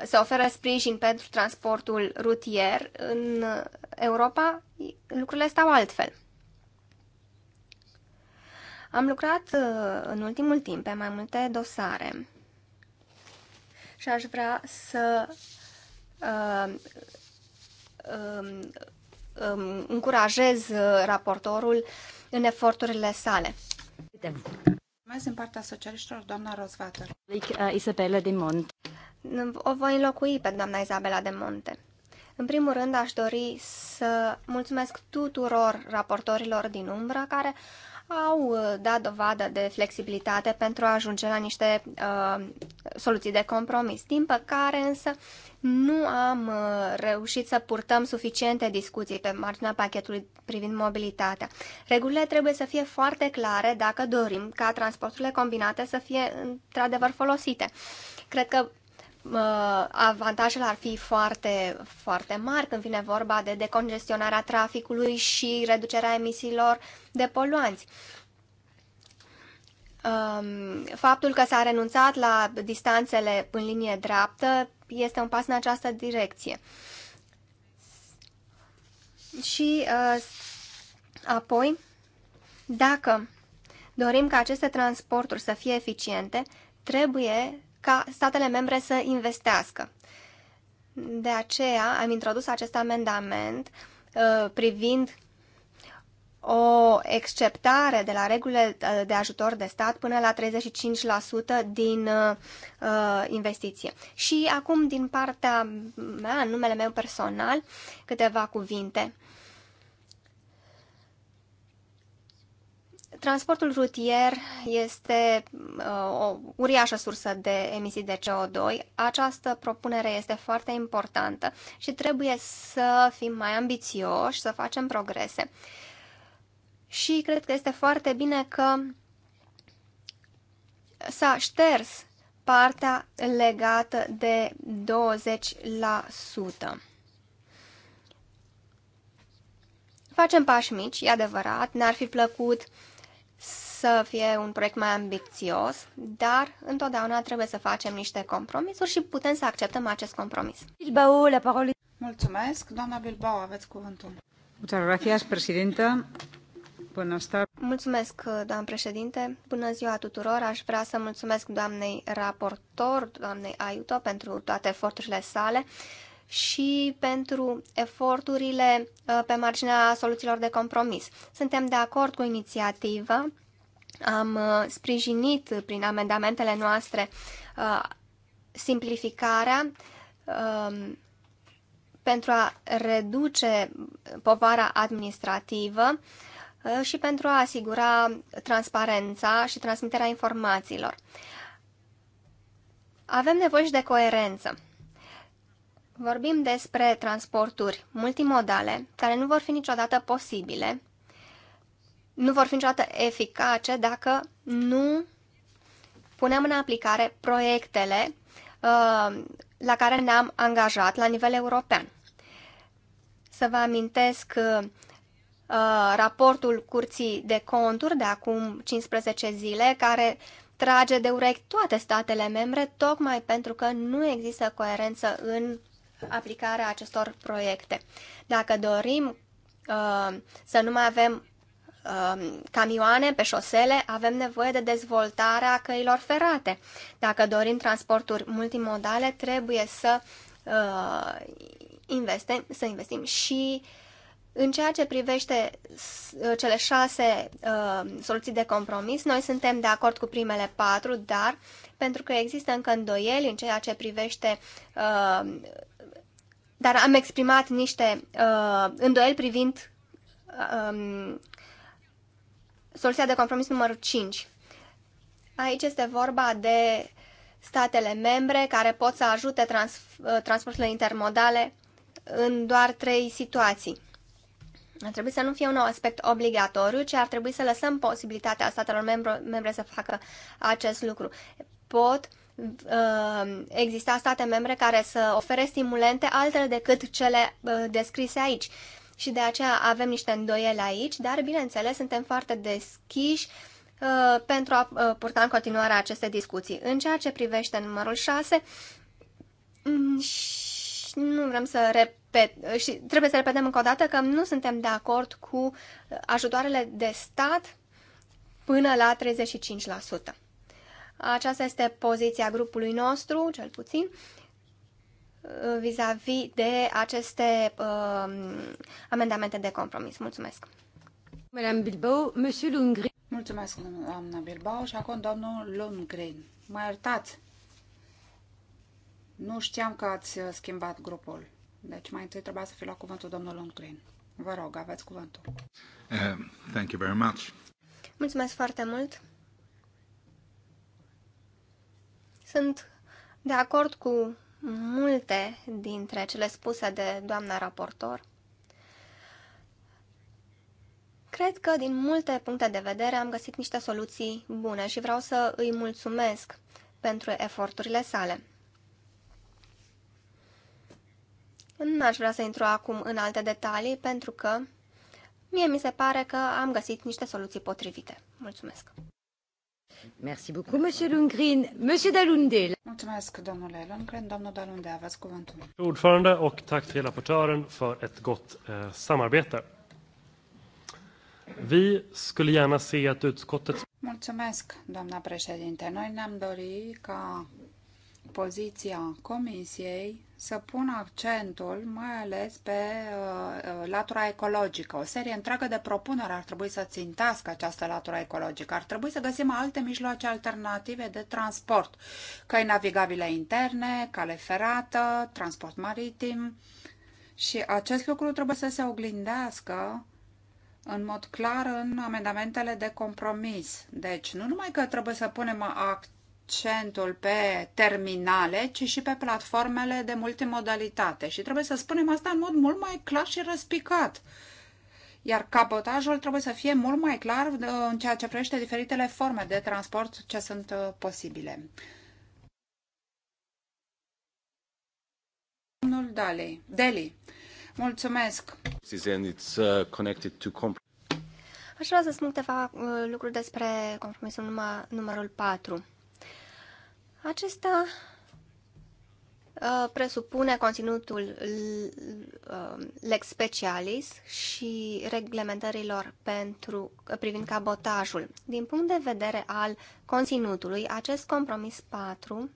se oferă sprijin pentru transportul rutier, în Europa lucrurile stau altfel. Am lucrat în ultimul timp pe mai multe dosare și aș vrea să uh, um, um, încurajez uh, raportorul în eforturile sale. Mai din partea socialiștilor, doamna Rosvater. Uh, Isabela de Mont. O voi înlocui pe doamna Isabela de Monte. În primul rând, aș dori să mulțumesc tuturor raportorilor din umbră care au uh, dat dovadă de flexibilitate pentru a ajunge la niște uh, soluții de compromis. Din păcare însă, nu am uh, reușit să purtăm suficiente discuții pe marginea pachetului privind mobilitatea. Regulile trebuie să fie foarte clare dacă dorim ca transporturile combinate să fie într-adevăr folosite. Cred că avantajul ar fi foarte, foarte mari când vine vorba de decongestionarea traficului și reducerea emisiilor de poluanți. Um, faptul că s-a renunțat la distanțele în linie dreaptă este un pas în această direcție. Și uh, apoi, dacă dorim ca aceste transporturi să fie eficiente, trebuie ca statele membre să investească. De aceea am introdus acest amendament uh, privind o exceptare de la regulile uh, de ajutor de stat până la 35% din uh, uh, investiție. Și acum, din partea mea, în numele meu personal, câteva cuvinte. Transportul rutier este uh, o uriașă sursă de emisii de CO2. Această propunere este foarte importantă și trebuie să fim mai ambițioși, să facem progrese. Și cred că este foarte bine că s-a șters partea legată de 20%. Facem pași mici, e adevărat, n-ar fi plăcut uh, să fie un proiect mai ambițios, dar întotdeauna trebuie să facem niște compromisuri și putem să acceptăm acest compromis. Bilbao, la parole. Mulțumesc, doamna Bilbao, aveți cuvântul. Muchas gracias, presidenta. Mulțumesc, doamnă președinte. Bună ziua tuturor. Aș vrea să mulțumesc doamnei raportor, doamnei Aiuto, pentru toate eforturile sale și pentru eforturile uh, pe marginea soluțiilor de compromis. Suntem de acord cu inițiativa am uh, sprijinit prin amendamentele noastre uh, simplificarea um, pentru a reduce povara administrativă uh, și pentru a asigura transparența și transmiterea informațiilor. Avem nevoie și de coerență. Vorbim despre transporturi multimodale, care nu vor fi niciodată posibile nu vor fi niciodată eficace dacă nu punem în aplicare proiectele uh, la care ne-am angajat la nivel european. Să vă amintesc uh, raportul Curții de Conturi de acum 15 zile, care trage de urechi toate statele membre, tocmai pentru că nu există coerență în aplicarea acestor proiecte. Dacă dorim uh, să nu mai avem Um, camioane pe șosele, avem nevoie de dezvoltarea căilor ferate. Dacă dorim transporturi multimodale, trebuie să, uh, investim, să investim și în ceea ce privește uh, cele șase uh, soluții de compromis, noi suntem de acord cu primele patru, dar pentru că există încă îndoieli în ceea ce privește. Uh, dar am exprimat niște uh, îndoieli privind uh, soluția de compromis numărul 5. Aici este vorba de statele membre care pot să ajute trans, uh, transporturile intermodale în doar trei situații. Ar trebui să nu fie un aspect obligatoriu, ci ar trebui să lăsăm posibilitatea statelor membre, membre să facă acest lucru. Pot uh, exista state membre care să ofere stimulente altele decât cele uh, descrise aici. Uh, și de aceea avem niște îndoieli aici, dar bineînțeles suntem foarte deschiși uh, pentru a uh, purta în continuare aceste discuții. În ceea ce privește numărul 6, mm, nu vrem să repet, uh, și trebuie să repetăm încă o dată că nu suntem de acord cu uh, ajutoarele de stat până la 35%. Aceasta este poziția grupului nostru, cel puțin, Uh, vis-a-vis -vis de aceste uh, amendamente de compromis. Mulțumesc. Madame Bilbao, Monsieur Lundgren. Mulțumesc, doamna Bilbao, și acum domnul Lundgren. Mă iertați. Nu știam că ați schimbat grupul. Deci mai întâi trebuia să fi luat cuvântul domnul Lundgren. Vă rog, aveți cuvântul. Uh, thank you very much. Mulțumesc foarte mult. Sunt de acord cu Multe dintre cele spuse de doamna raportor Cred că din multe puncte de vedere am găsit niște soluții bune și vreau să îi mulțumesc pentru eforturile sale. Nu aș vrea să intru acum în alte detalii pentru că mie mi se pare că am găsit niște soluții potrivite. Mulțumesc! Merci beaucoup, Monsieur Lundgren. Monsieur Dalunde. Mulțumesc, domnule Lundgren. Domnul Dalunde, aveți cuvântul. Ordförande och tack till rapportören för ett gott eh, samarbete. Vi skulle gärna se att utskottet... Mulțumesc, doamna președinte. Noi ne-am dorit ca poziția Comisiei să pună accentul mai ales pe uh, latura ecologică. O serie întreagă de propuneri ar trebui să țintească această latura ecologică. Ar trebui să găsim alte mijloace alternative de transport, căi navigabile interne, cale ferată, transport maritim și acest lucru trebuie să se oglindească în mod clar în amendamentele de compromis. Deci, nu numai că trebuie să punem act accentul pe terminale, ci și pe platformele de multimodalitate. Și trebuie să spunem asta în mod mult mai clar și răspicat. Iar capotajul trebuie să fie mult mai clar uh, în ceea ce privește diferitele forme de transport ce sunt uh, posibile. Domnul Dali, Deli, mulțumesc! Uh, Aș vrea să spun câteva lucruri despre compromisul numărul 4. Acesta uh, presupune conținutul uh, lex specialis și reglementărilor pentru, uh, privind cabotajul. Din punct de vedere al conținutului, acest compromis 4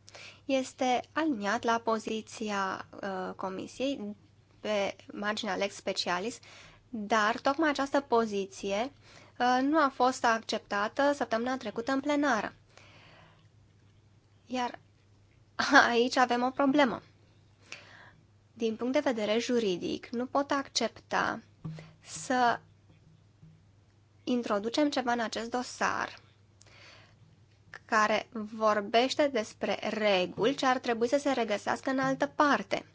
este aliniat la poziția Comisiei pe marginea lex specialis, dar tocmai această poziție nu a fost acceptată săptămâna trecută în plenară. Iar aici avem o problemă. Din punct de vedere juridic, nu pot accepta să introducem ceva în acest dosar care vorbește despre reguli ce ar trebui să se regăsească în altă parte.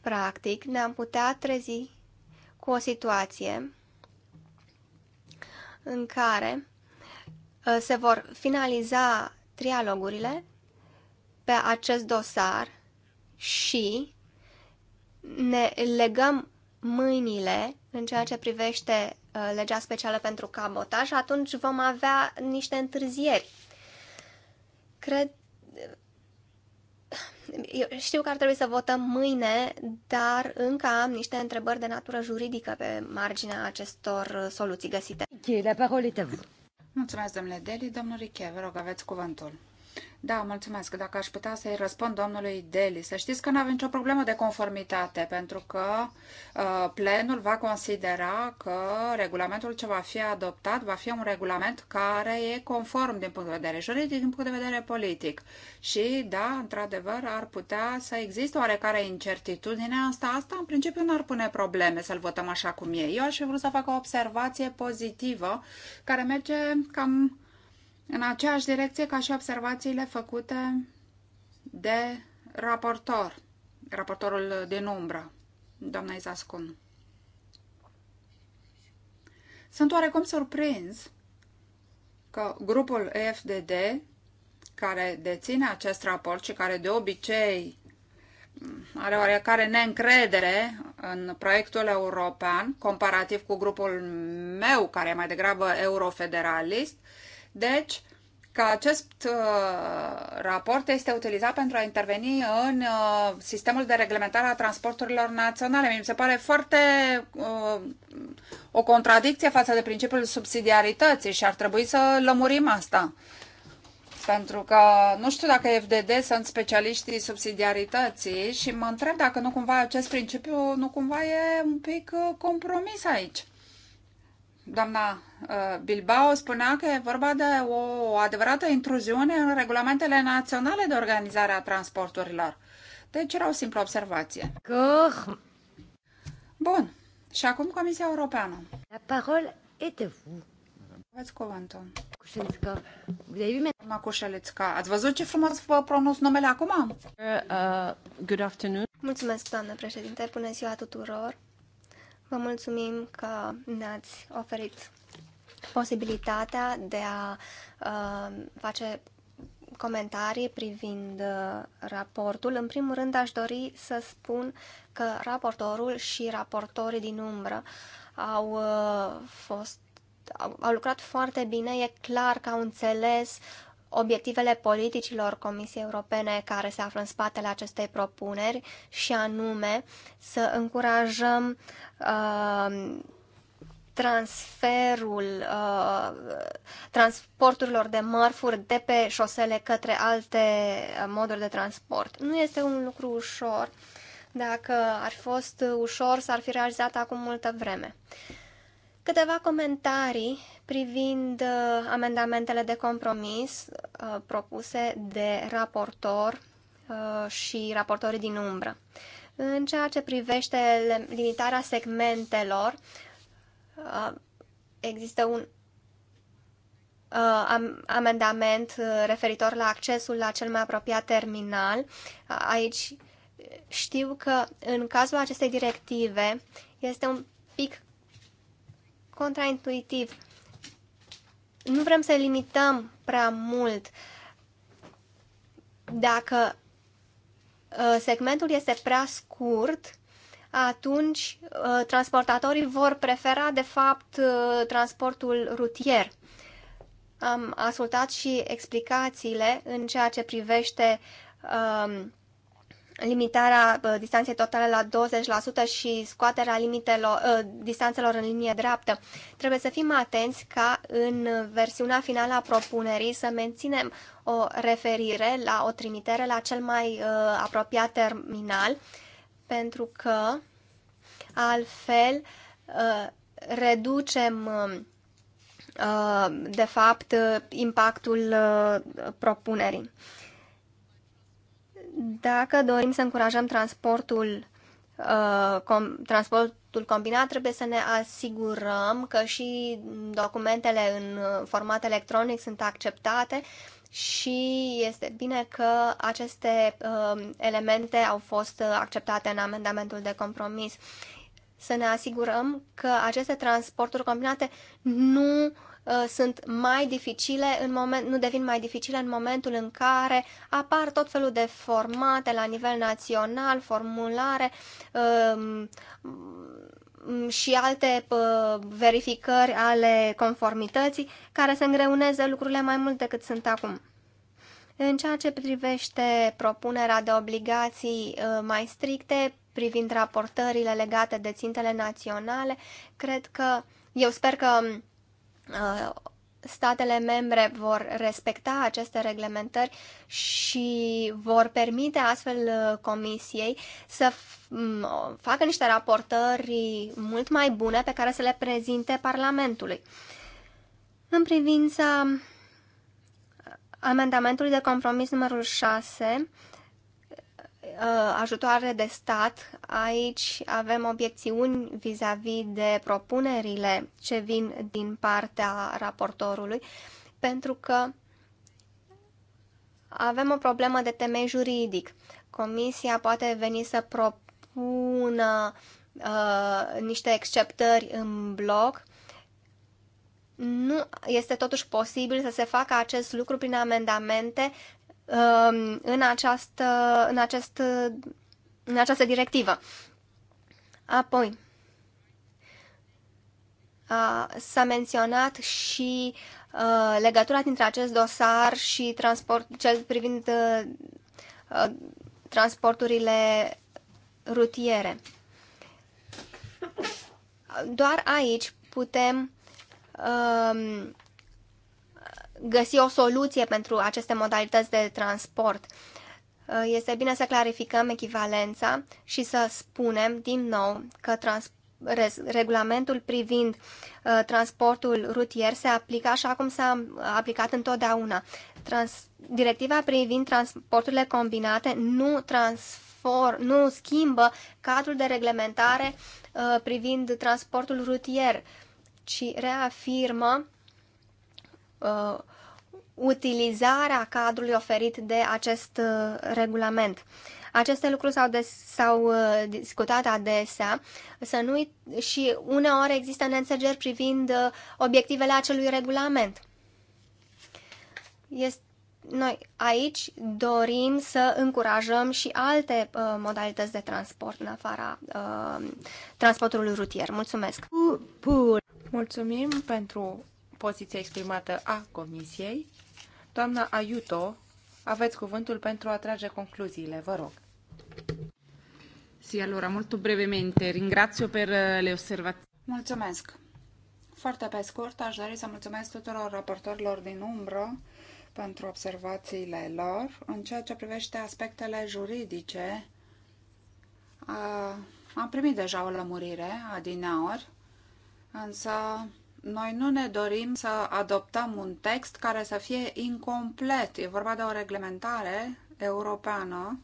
Practic, ne-am putea trezi cu o situație în care uh, se vor finaliza trialogurile pe acest dosar și ne legăm mâinile în ceea ce privește uh, legea specială pentru cabotaj, atunci vom avea niște întârzieri. Cred. Eu știu că ar trebui să votăm mâine, dar încă am niște întrebări de natură juridică pe marginea acestor uh, soluții găsite. La parole est à vous. Mulțumesc, domnule Deli. Domnul Riche, vă rog, aveți cuvântul. Da, mulțumesc. Dacă aș putea să-i răspund domnului Deli, să știți că nu avem nicio problemă de conformitate, pentru că uh, plenul va considera că regulamentul ce va fi adoptat va fi un regulament care e conform din punct de vedere juridic, din punct de vedere politic. Și, da, într-adevăr, ar putea să existe oarecare incertitudine. Asta, asta, în principiu, n-ar pune probleme să-l votăm așa cum e. Eu aș fi vrut să fac o observație pozitivă care merge cam în aceeași direcție ca și observațiile făcute de raportor, raportorul din umbră, doamna Izascun. Sunt oarecum surprins că grupul EFDD, care deține acest raport și care de obicei mm, are oarecare neîncredere în proiectul european, comparativ cu grupul meu, care e mai degrabă eurofederalist, deci, că acest uh, raport este utilizat pentru a interveni în uh, sistemul de reglementare a transporturilor naționale. Mi se pare foarte uh, o contradicție față de principiul subsidiarității și ar trebui să lămurim asta. Pentru că nu știu dacă FDD sunt specialiștii subsidiarității și mă întreb dacă nu cumva acest principiu nu cumva e un pic uh, compromis aici doamna uh, Bilbao spunea că e vorba de o adevărată intruziune în regulamentele naționale de organizare a transporturilor. Deci era o simplă observație. Cor. Bun. Și acum Comisia Europeană. La parole de vous. Aveți cuvântul. Cușelițca. Doamna Cușelițca, ați văzut ce frumos vă pronunț numele acum? Uh, uh, good afternoon. Mulțumesc, doamnă președinte. Bună ziua tuturor. Vă mulțumim că ne-ați oferit posibilitatea de a uh, face comentarii privind uh, raportul. În primul rând aș dori să spun că raportorul și raportorii din umbră au uh, fost au, au lucrat foarte bine, e clar că au înțeles obiectivele politicilor Comisiei Europene care se află în spatele acestei propuneri și anume să încurajăm uh, transferul uh, transporturilor de mărfuri de pe șosele către alte uh, moduri de transport. Nu este un lucru ușor. Dacă ar fi fost ușor, s-ar fi realizat acum multă vreme. Uh, Câteva comentarii privind uh, amendamentele de compromis uh, propuse de raportor uh, și raportorii din umbră. În ceea ce privește limitarea segmentelor, există un amendament referitor la accesul la cel mai apropiat terminal. Aici știu că în cazul acestei directive este un pic contraintuitiv. Nu vrem să limităm prea mult. Dacă uh, segmentul este prea scurt, atunci uh, transportatorii vor prefera, de fapt, uh, transportul rutier. Am ascultat și explicațiile în ceea ce privește um, limitarea distanței totale la 20% și scoaterea limitelor, ă, distanțelor în linie dreaptă. Trebuie să fim atenți ca în versiunea finală a propunerii să menținem o referire la o trimitere la cel mai ă, apropiat terminal, pentru că altfel ă, reducem de fapt impactul propunerii. Dacă dorim să încurajăm transportul, uh, com, transportul combinat, trebuie să ne asigurăm că și documentele în format electronic sunt acceptate și este bine că aceste uh, elemente au fost acceptate în amendamentul de compromis. Să ne asigurăm că aceste transporturi combinate nu Uh, sunt mai dificile în moment, nu devin mai dificile în momentul în care apar tot felul de formate la nivel național, formulare um, mm, și alte uh, verificări ale conformității care să îngreuneze lucrurile mai mult decât sunt acum. În ceea ce privește propunerea de obligații uh, mai stricte privind raportările legate de țintele naționale, cred că eu sper că Uh, statele membre vor respecta aceste reglementări și vor permite astfel uh, comisiei să mm, facă niște raportări mult mai bune pe care să le prezinte Parlamentului. În privința uh, amendamentului de compromis numărul 6, Uh, ajutoare de stat, aici avem obiecțiuni vis-a-vis -vis de propunerile ce vin din partea raportorului, pentru că avem o problemă de temei juridic. Comisia poate veni să propună uh, niște exceptări în bloc. Nu este totuși posibil să se facă acest lucru prin amendamente Um, în această, în acest, în această directivă. Apoi, s-a menționat și uh, legătura dintre acest dosar și transport, cel privind uh, uh, transporturile rutiere. Doar aici putem um, găsi o soluție pentru aceste modalități de transport. Uh, este bine să clarificăm echivalența și să spunem din nou că trans- regulamentul privind uh, transportul rutier se aplică așa cum s-a uh, aplicat întotdeauna. Trans- directiva privind transporturile combinate nu transformă nu schimbă cadrul de reglementare privind transportul rutier, ci reafirmă uh, utilizarea cadrului oferit de acest uh, regulament. Aceste lucruri s-au, s-au uh, discutat adesea să nu și uneori există neînțelegeri privind uh, obiectivele acelui regulament. Este noi aici dorim să încurajăm și alte uh, modalități de transport în afara uh, transportului rutier. Mulțumesc! Mulțumim pentru poziția exprimată a Comisiei. Doamna Ayuto, aveți cuvântul pentru a trage concluziile, vă rog. Sì, allora molto brevemente ringrazio per eh, le osservazioni. Mulțumesc. Foarte pe scurt, aș dori să mulțumesc tuturor raportorilor din umbră pentru observațiile lor. În ceea ce privește aspectele juridice, a, am primit deja o lămurire adineori, însă noi nu ne dorim să adoptăm un text care să fie incomplet. E vorba de o reglementare europeană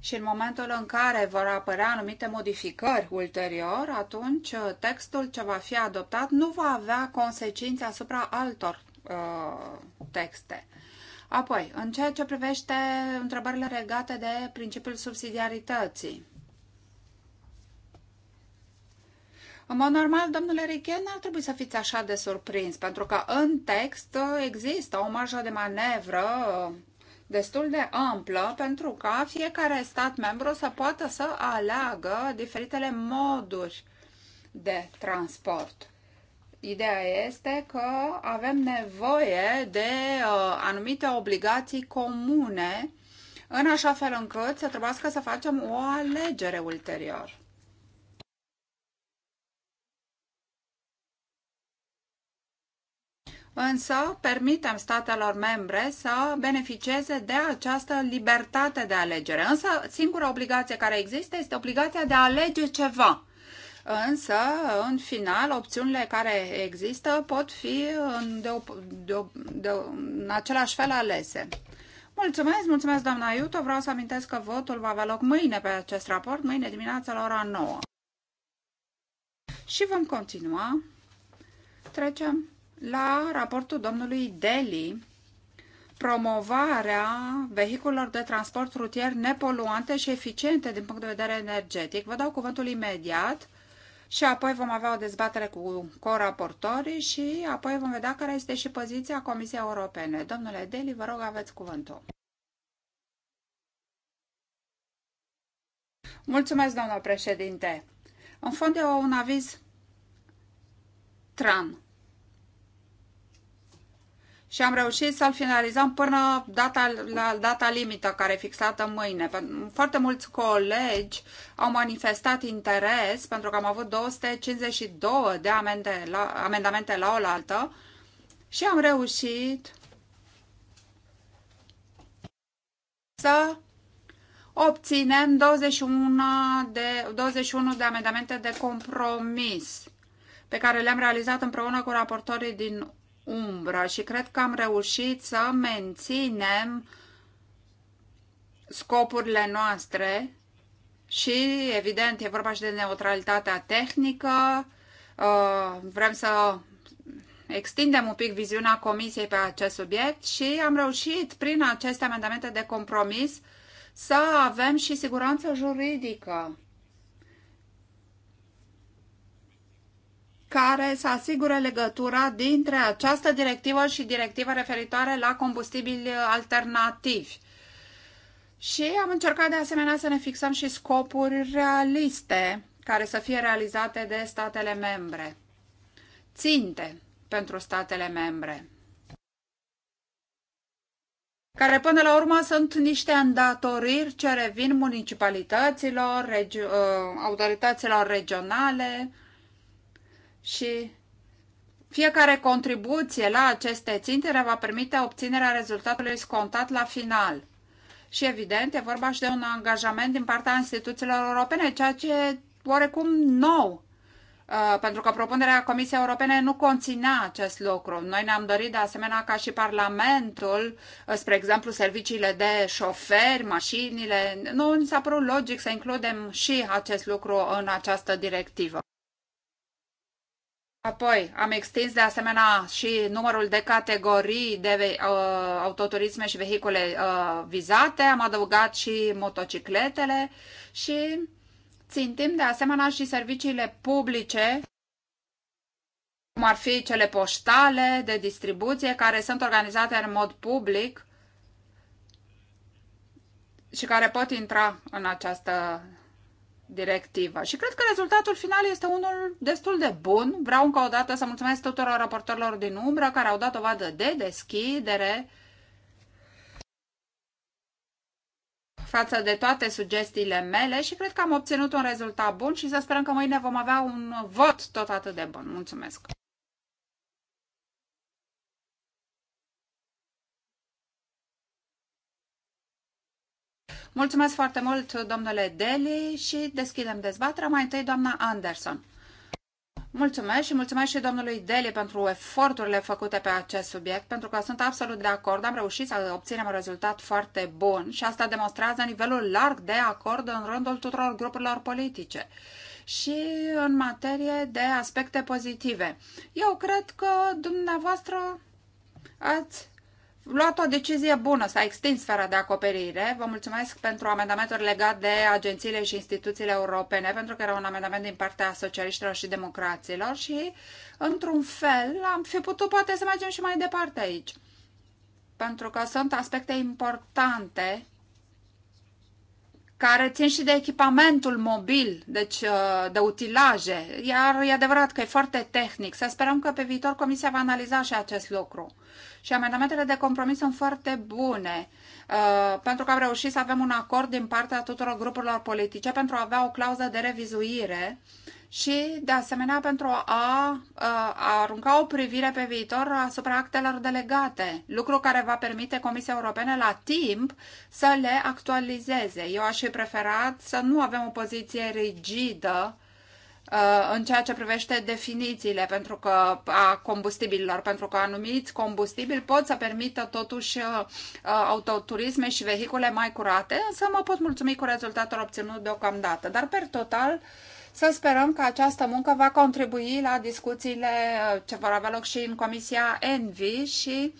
și în momentul în care vor apărea anumite modificări ulterior, atunci uh, textul ce va fi adoptat nu va avea consecințe asupra altor uh, texte. Apoi, în ceea ce privește întrebările legate de principiul subsidiarității, În mod normal, domnule Richet, n-ar trebui să fiți așa de surprins, pentru că în text uh, există o marjă de manevră uh, destul de amplă pentru ca fiecare stat membru să poată să aleagă diferitele moduri de transport. Ideea este că avem nevoie de uh, anumite obligații comune, în așa fel încât să trebuiască să facem o alegere ulterior. însă permitem statelor membre să beneficieze de această libertate de alegere. Însă singura obligație care există este obligația de a alege ceva. Însă, în final, opțiunile care există pot fi în, de, de, de, în același fel alese. Mulțumesc, mulțumesc doamna Iuto. Vreau să amintesc că votul va avea loc mâine pe acest raport, mâine dimineața la ora 9. Și vom continua. Trecem la raportul domnului Deli, promovarea vehiculelor de transport rutier nepoluante și eficiente din punct de vedere energetic. Vă dau cuvântul imediat și apoi vom avea o dezbatere cu coraportorii și apoi vom vedea care este și poziția Comisiei Europene. Domnule Deli, vă rog, aveți cuvântul. Mulțumesc, domnul președinte. În fond e un aviz TRAN și am reușit să-l finalizăm până data, la data limită care e fixată mâine. Foarte mulți colegi au manifestat interes pentru că am avut 252 de amende la, amendamente la oaltă și am reușit să obținem 21 de, 21 de amendamente de compromis pe care le-am realizat împreună cu raportorii din umbră și cred că am reușit să menținem scopurile noastre și, evident, e vorba și de neutralitatea tehnică. Uh, vrem să extindem un pic viziunea Comisiei pe acest subiect și am reușit, prin aceste amendamente de compromis, să avem și siguranță juridică care să asigure legătura dintre această directivă și directiva referitoare la combustibili alternativi. Și am încercat de asemenea să ne fixăm și scopuri realiste care să fie realizate de statele membre. Ținte pentru statele membre care până la urmă sunt niște îndatoriri ce revin municipalităților, regi- uh, autorităților regionale, și fiecare contribuție la aceste țintele va permite obținerea rezultatului scontat la final. Și evident, e vorba și de un angajament din partea instituțiilor europene, ceea ce e oarecum nou, uh, pentru că propunerea Comisiei Europene nu conținea acest lucru. Noi ne-am dorit de asemenea ca și Parlamentul, uh, spre exemplu serviciile de șoferi, mașinile, nu ni s-a părut logic să includem și acest lucru în această directivă. Apoi, am extins de asemenea și numărul de categorii de uh, autoturisme și vehicule uh, vizate, am adăugat și motocicletele și țintim de asemenea și serviciile publice, cum ar fi cele poștale de distribuție, care sunt organizate în mod public și care pot intra în această directiva. Și cred că rezultatul final este unul destul de bun. Vreau încă o dată să mulțumesc tuturor raportorilor din umbră care au dat o vadă de deschidere față de toate sugestiile mele și cred că am obținut un rezultat bun și să sperăm că mâine vom avea un vot tot atât de bun. Mulțumesc! Mulțumesc foarte mult, domnule Deli, și deschidem dezbaterea. Mai întâi, doamna Anderson. Mulțumesc și mulțumesc și domnului Deli pentru eforturile făcute pe acest subiect, pentru că sunt absolut de acord. Am reușit să obținem un rezultat foarte bun și asta demonstrează nivelul larg de acord în rândul tuturor grupurilor politice și în materie de aspecte pozitive. Eu cred că dumneavoastră ați luat o decizie bună, s-a extins sfera de acoperire. Vă mulțumesc pentru amendamentul legat de agențiile și instituțiile europene, pentru că era un amendament din partea socialiștilor și democraților și, într-un fel, am fi putut poate să mergem și mai departe aici. Pentru că sunt aspecte importante care țin și de echipamentul mobil, deci uh, de utilaje. Iar e adevărat că e foarte tehnic. Să sperăm că pe viitor Comisia va analiza și acest lucru. Și amendamentele de compromis sunt foarte bune, uh, pentru că am reușit să avem un acord din partea tuturor grupurilor politice pentru a avea o clauză de revizuire și, de asemenea, pentru a, a, arunca o privire pe viitor asupra actelor delegate, lucru care va permite Comisiei Europene la timp să le actualizeze. Eu aș fi preferat să nu avem o poziție rigidă în ceea ce privește definițiile pentru că a combustibililor, pentru că anumiți combustibili pot să permită totuși autoturisme și vehicule mai curate, însă mă pot mulțumi cu rezultatul obținut deocamdată. Dar, per total, uh, să sperăm că această muncă va contribui la discuțiile uh, ce vor avea loc și în Comisia Envi și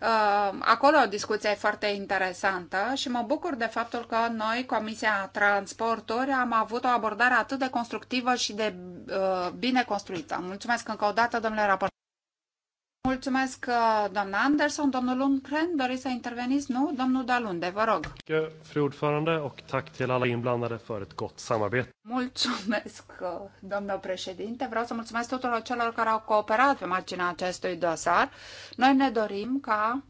uh, acolo o discuție foarte interesantă și mă bucur de faptul că noi, Comisia Transporturi, am avut o abordare atât de constructivă și de uh, bine construită. Mulțumesc încă o dată, domnule raportor. Mulțumesc, uh, doamna Anderson. Domnul Lundgren, doriți să interveniți? Nu? Domnul Dalunde, vă rog. Fru ordförande och tack till alla inblandade för ett gott samarbete. Mulțumesc, uh, doamna președinte. Vreau să mulțumesc tuturor celor care au cooperat pe marginea acestui dosar. Noi ne dorim ca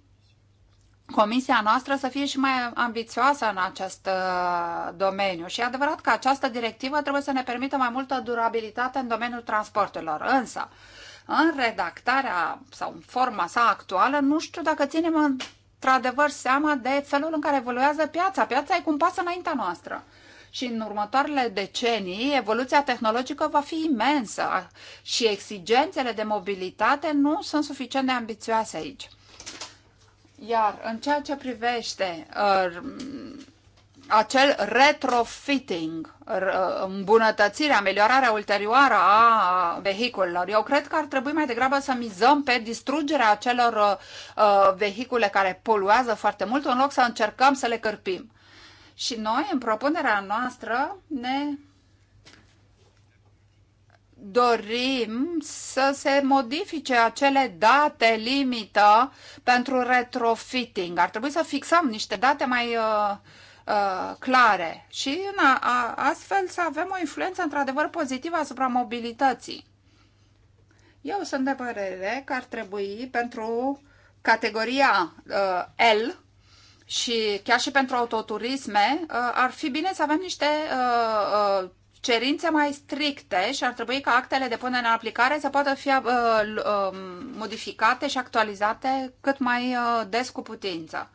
comisia noastră să fie și mai ambițioasă în acest uh, domeniu. Și e adevărat că această directivă trebuie să ne permită mai multă durabilitate în domeniul transporturilor. Însă, în redactarea sau în forma sa actuală, nu știu dacă ținem într-adevăr seama de felul în care evoluează piața. Piața e cum pasă înaintea noastră și în următoarele decenii evoluția tehnologică va fi imensă și exigențele de mobilitate nu sunt suficient de ambițioase aici. Iar în ceea ce privește uh, acel retrofitting, uh, îmbunătățirea, ameliorarea ulterioară a vehiculelor. Eu cred că ar trebui mai degrabă să mizăm pe distrugerea acelor uh, uh, vehicule care poluează foarte mult, în loc să încercăm să le cărpim. Și noi, în propunerea noastră, ne dorim să se modifice acele date limită pentru retrofitting. Ar trebui să fixăm niște date mai uh, Uh, clare și în a, a, astfel să avem o influență într-adevăr pozitivă asupra mobilității. Eu sunt de părere că ar trebui pentru categoria uh, L și chiar și pentru autoturisme uh, ar fi bine să avem niște uh, uh, cerințe mai stricte și ar trebui ca actele de punere în aplicare să poată fi uh, uh, modificate și actualizate cât mai uh, des cu putință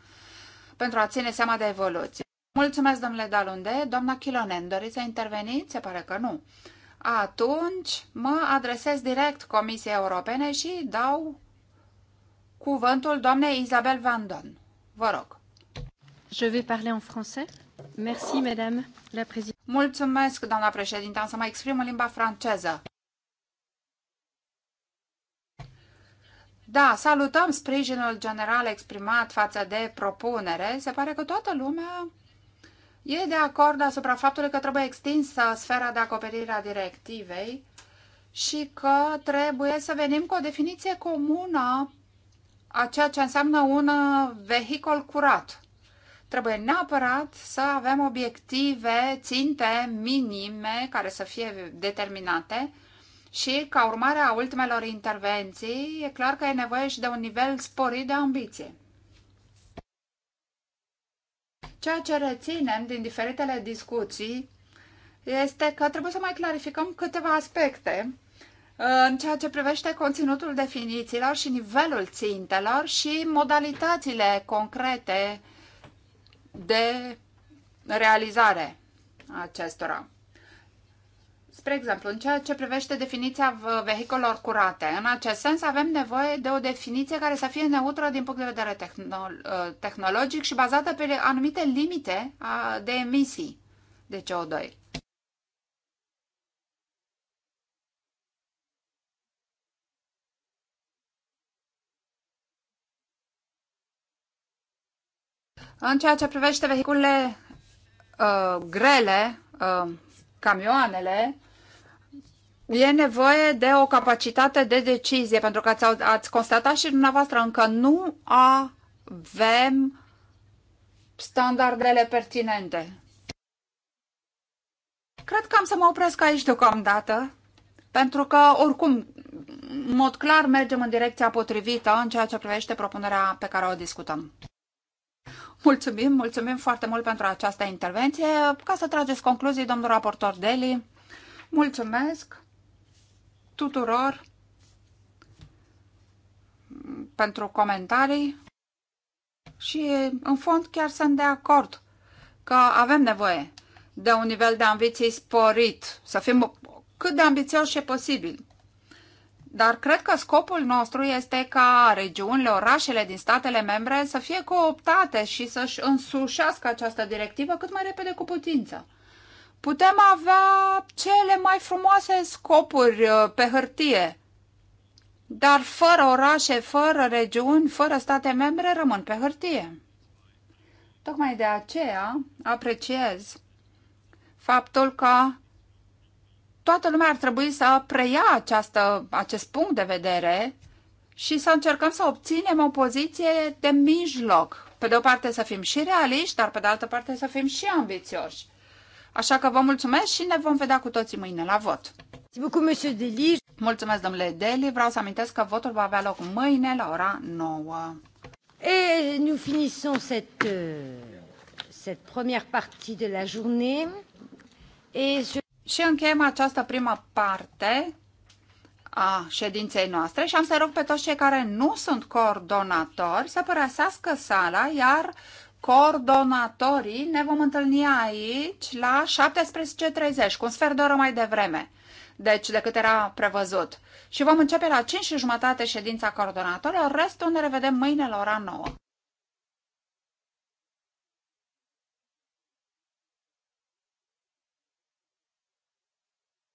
pentru a ține seama de evoluție. Mulțumesc, domnule Dalunde. Doamna Chilonen, doriți să interveniți? Se pare că nu. Atunci mă adresez direct Comisiei Europene și dau cuvântul doamnei Isabel Van Don. Vă rog. Je vais parler en français. Merci, madame la présidente. Mulțumesc, doamna președinte. Am să mă exprim în limba franceză. Da, salutăm sprijinul general exprimat față de propunere. Se pare că toată lumea e de acord asupra faptului că trebuie extinsă sfera de acoperire a directivei și că trebuie să venim cu o definiție comună a ceea ce înseamnă un vehicol curat. Trebuie neapărat să avem obiective, ținte minime care să fie determinate și ca urmare a ultimelor intervenții, e clar că e nevoie și de un nivel sporit de ambiție. Ceea ce reținem din diferitele discuții este că trebuie să mai clarificăm câteva aspecte uh, în ceea ce privește conținutul definițiilor și nivelul țintelor și modalitățile concrete de realizare acestora. Spre exemplu, în ceea ce privește definiția vehiculor curate, în acest sens avem nevoie de o definiție care să fie neutră din punct de vedere tehnolo- uh, tehnologic și bazată pe anumite limite uh, de emisii de CO2. În ceea ce privește vehiculele uh, grele, uh, camioanele, e nevoie de o capacitate de decizie, pentru că ați, ați constatat și dumneavoastră încă nu avem standardele pertinente. Cred că am să mă opresc aici deocamdată, pentru că, oricum, în mod clar mergem în direcția potrivită în ceea ce privește propunerea pe care o discutăm. Mulțumim, mulțumim foarte mult pentru această intervenție. Ca să trageți concluzii, domnul raportor Deli, mulțumesc tuturor pentru comentarii și, în fond, chiar sunt de acord că avem nevoie de un nivel de ambiții sporit, să fim cât de ambițioși și posibil. Dar cred că scopul nostru este ca regiunile, orașele din statele membre să fie cooptate și să-și însușească această directivă cât mai repede cu putință. Putem avea cele mai frumoase scopuri uh, pe hârtie, dar fără orașe, fără regiuni, fără state membre, rămân pe hârtie. Tocmai de aceea apreciez faptul că toată lumea ar trebui să preia această, acest punct de vedere și să încercăm să obținem o poziție de mijloc. Pe de o parte să fim și realiști, dar pe de altă parte să fim și ambițioși. Așa că vă mulțumesc și ne vom vedea cu toții mâine la vot. Mulțumesc, domnule Deli. Vreau să amintesc că votul va avea loc mâine la ora 9. Et nous finissons cette, euh, cette première partie de la journée. Et je... Și încheiem această prima parte a ședinței noastre și am să rog pe toți cei care nu sunt coordonatori să părăsească sala, iar coordonatorii ne vom întâlni aici la 17.30, cu un sfert de oră mai devreme, deci decât era prevăzut. Și vom începe la 5 și jumătate ședința coordonatorilor, restul ne revedem mâine la ora 9.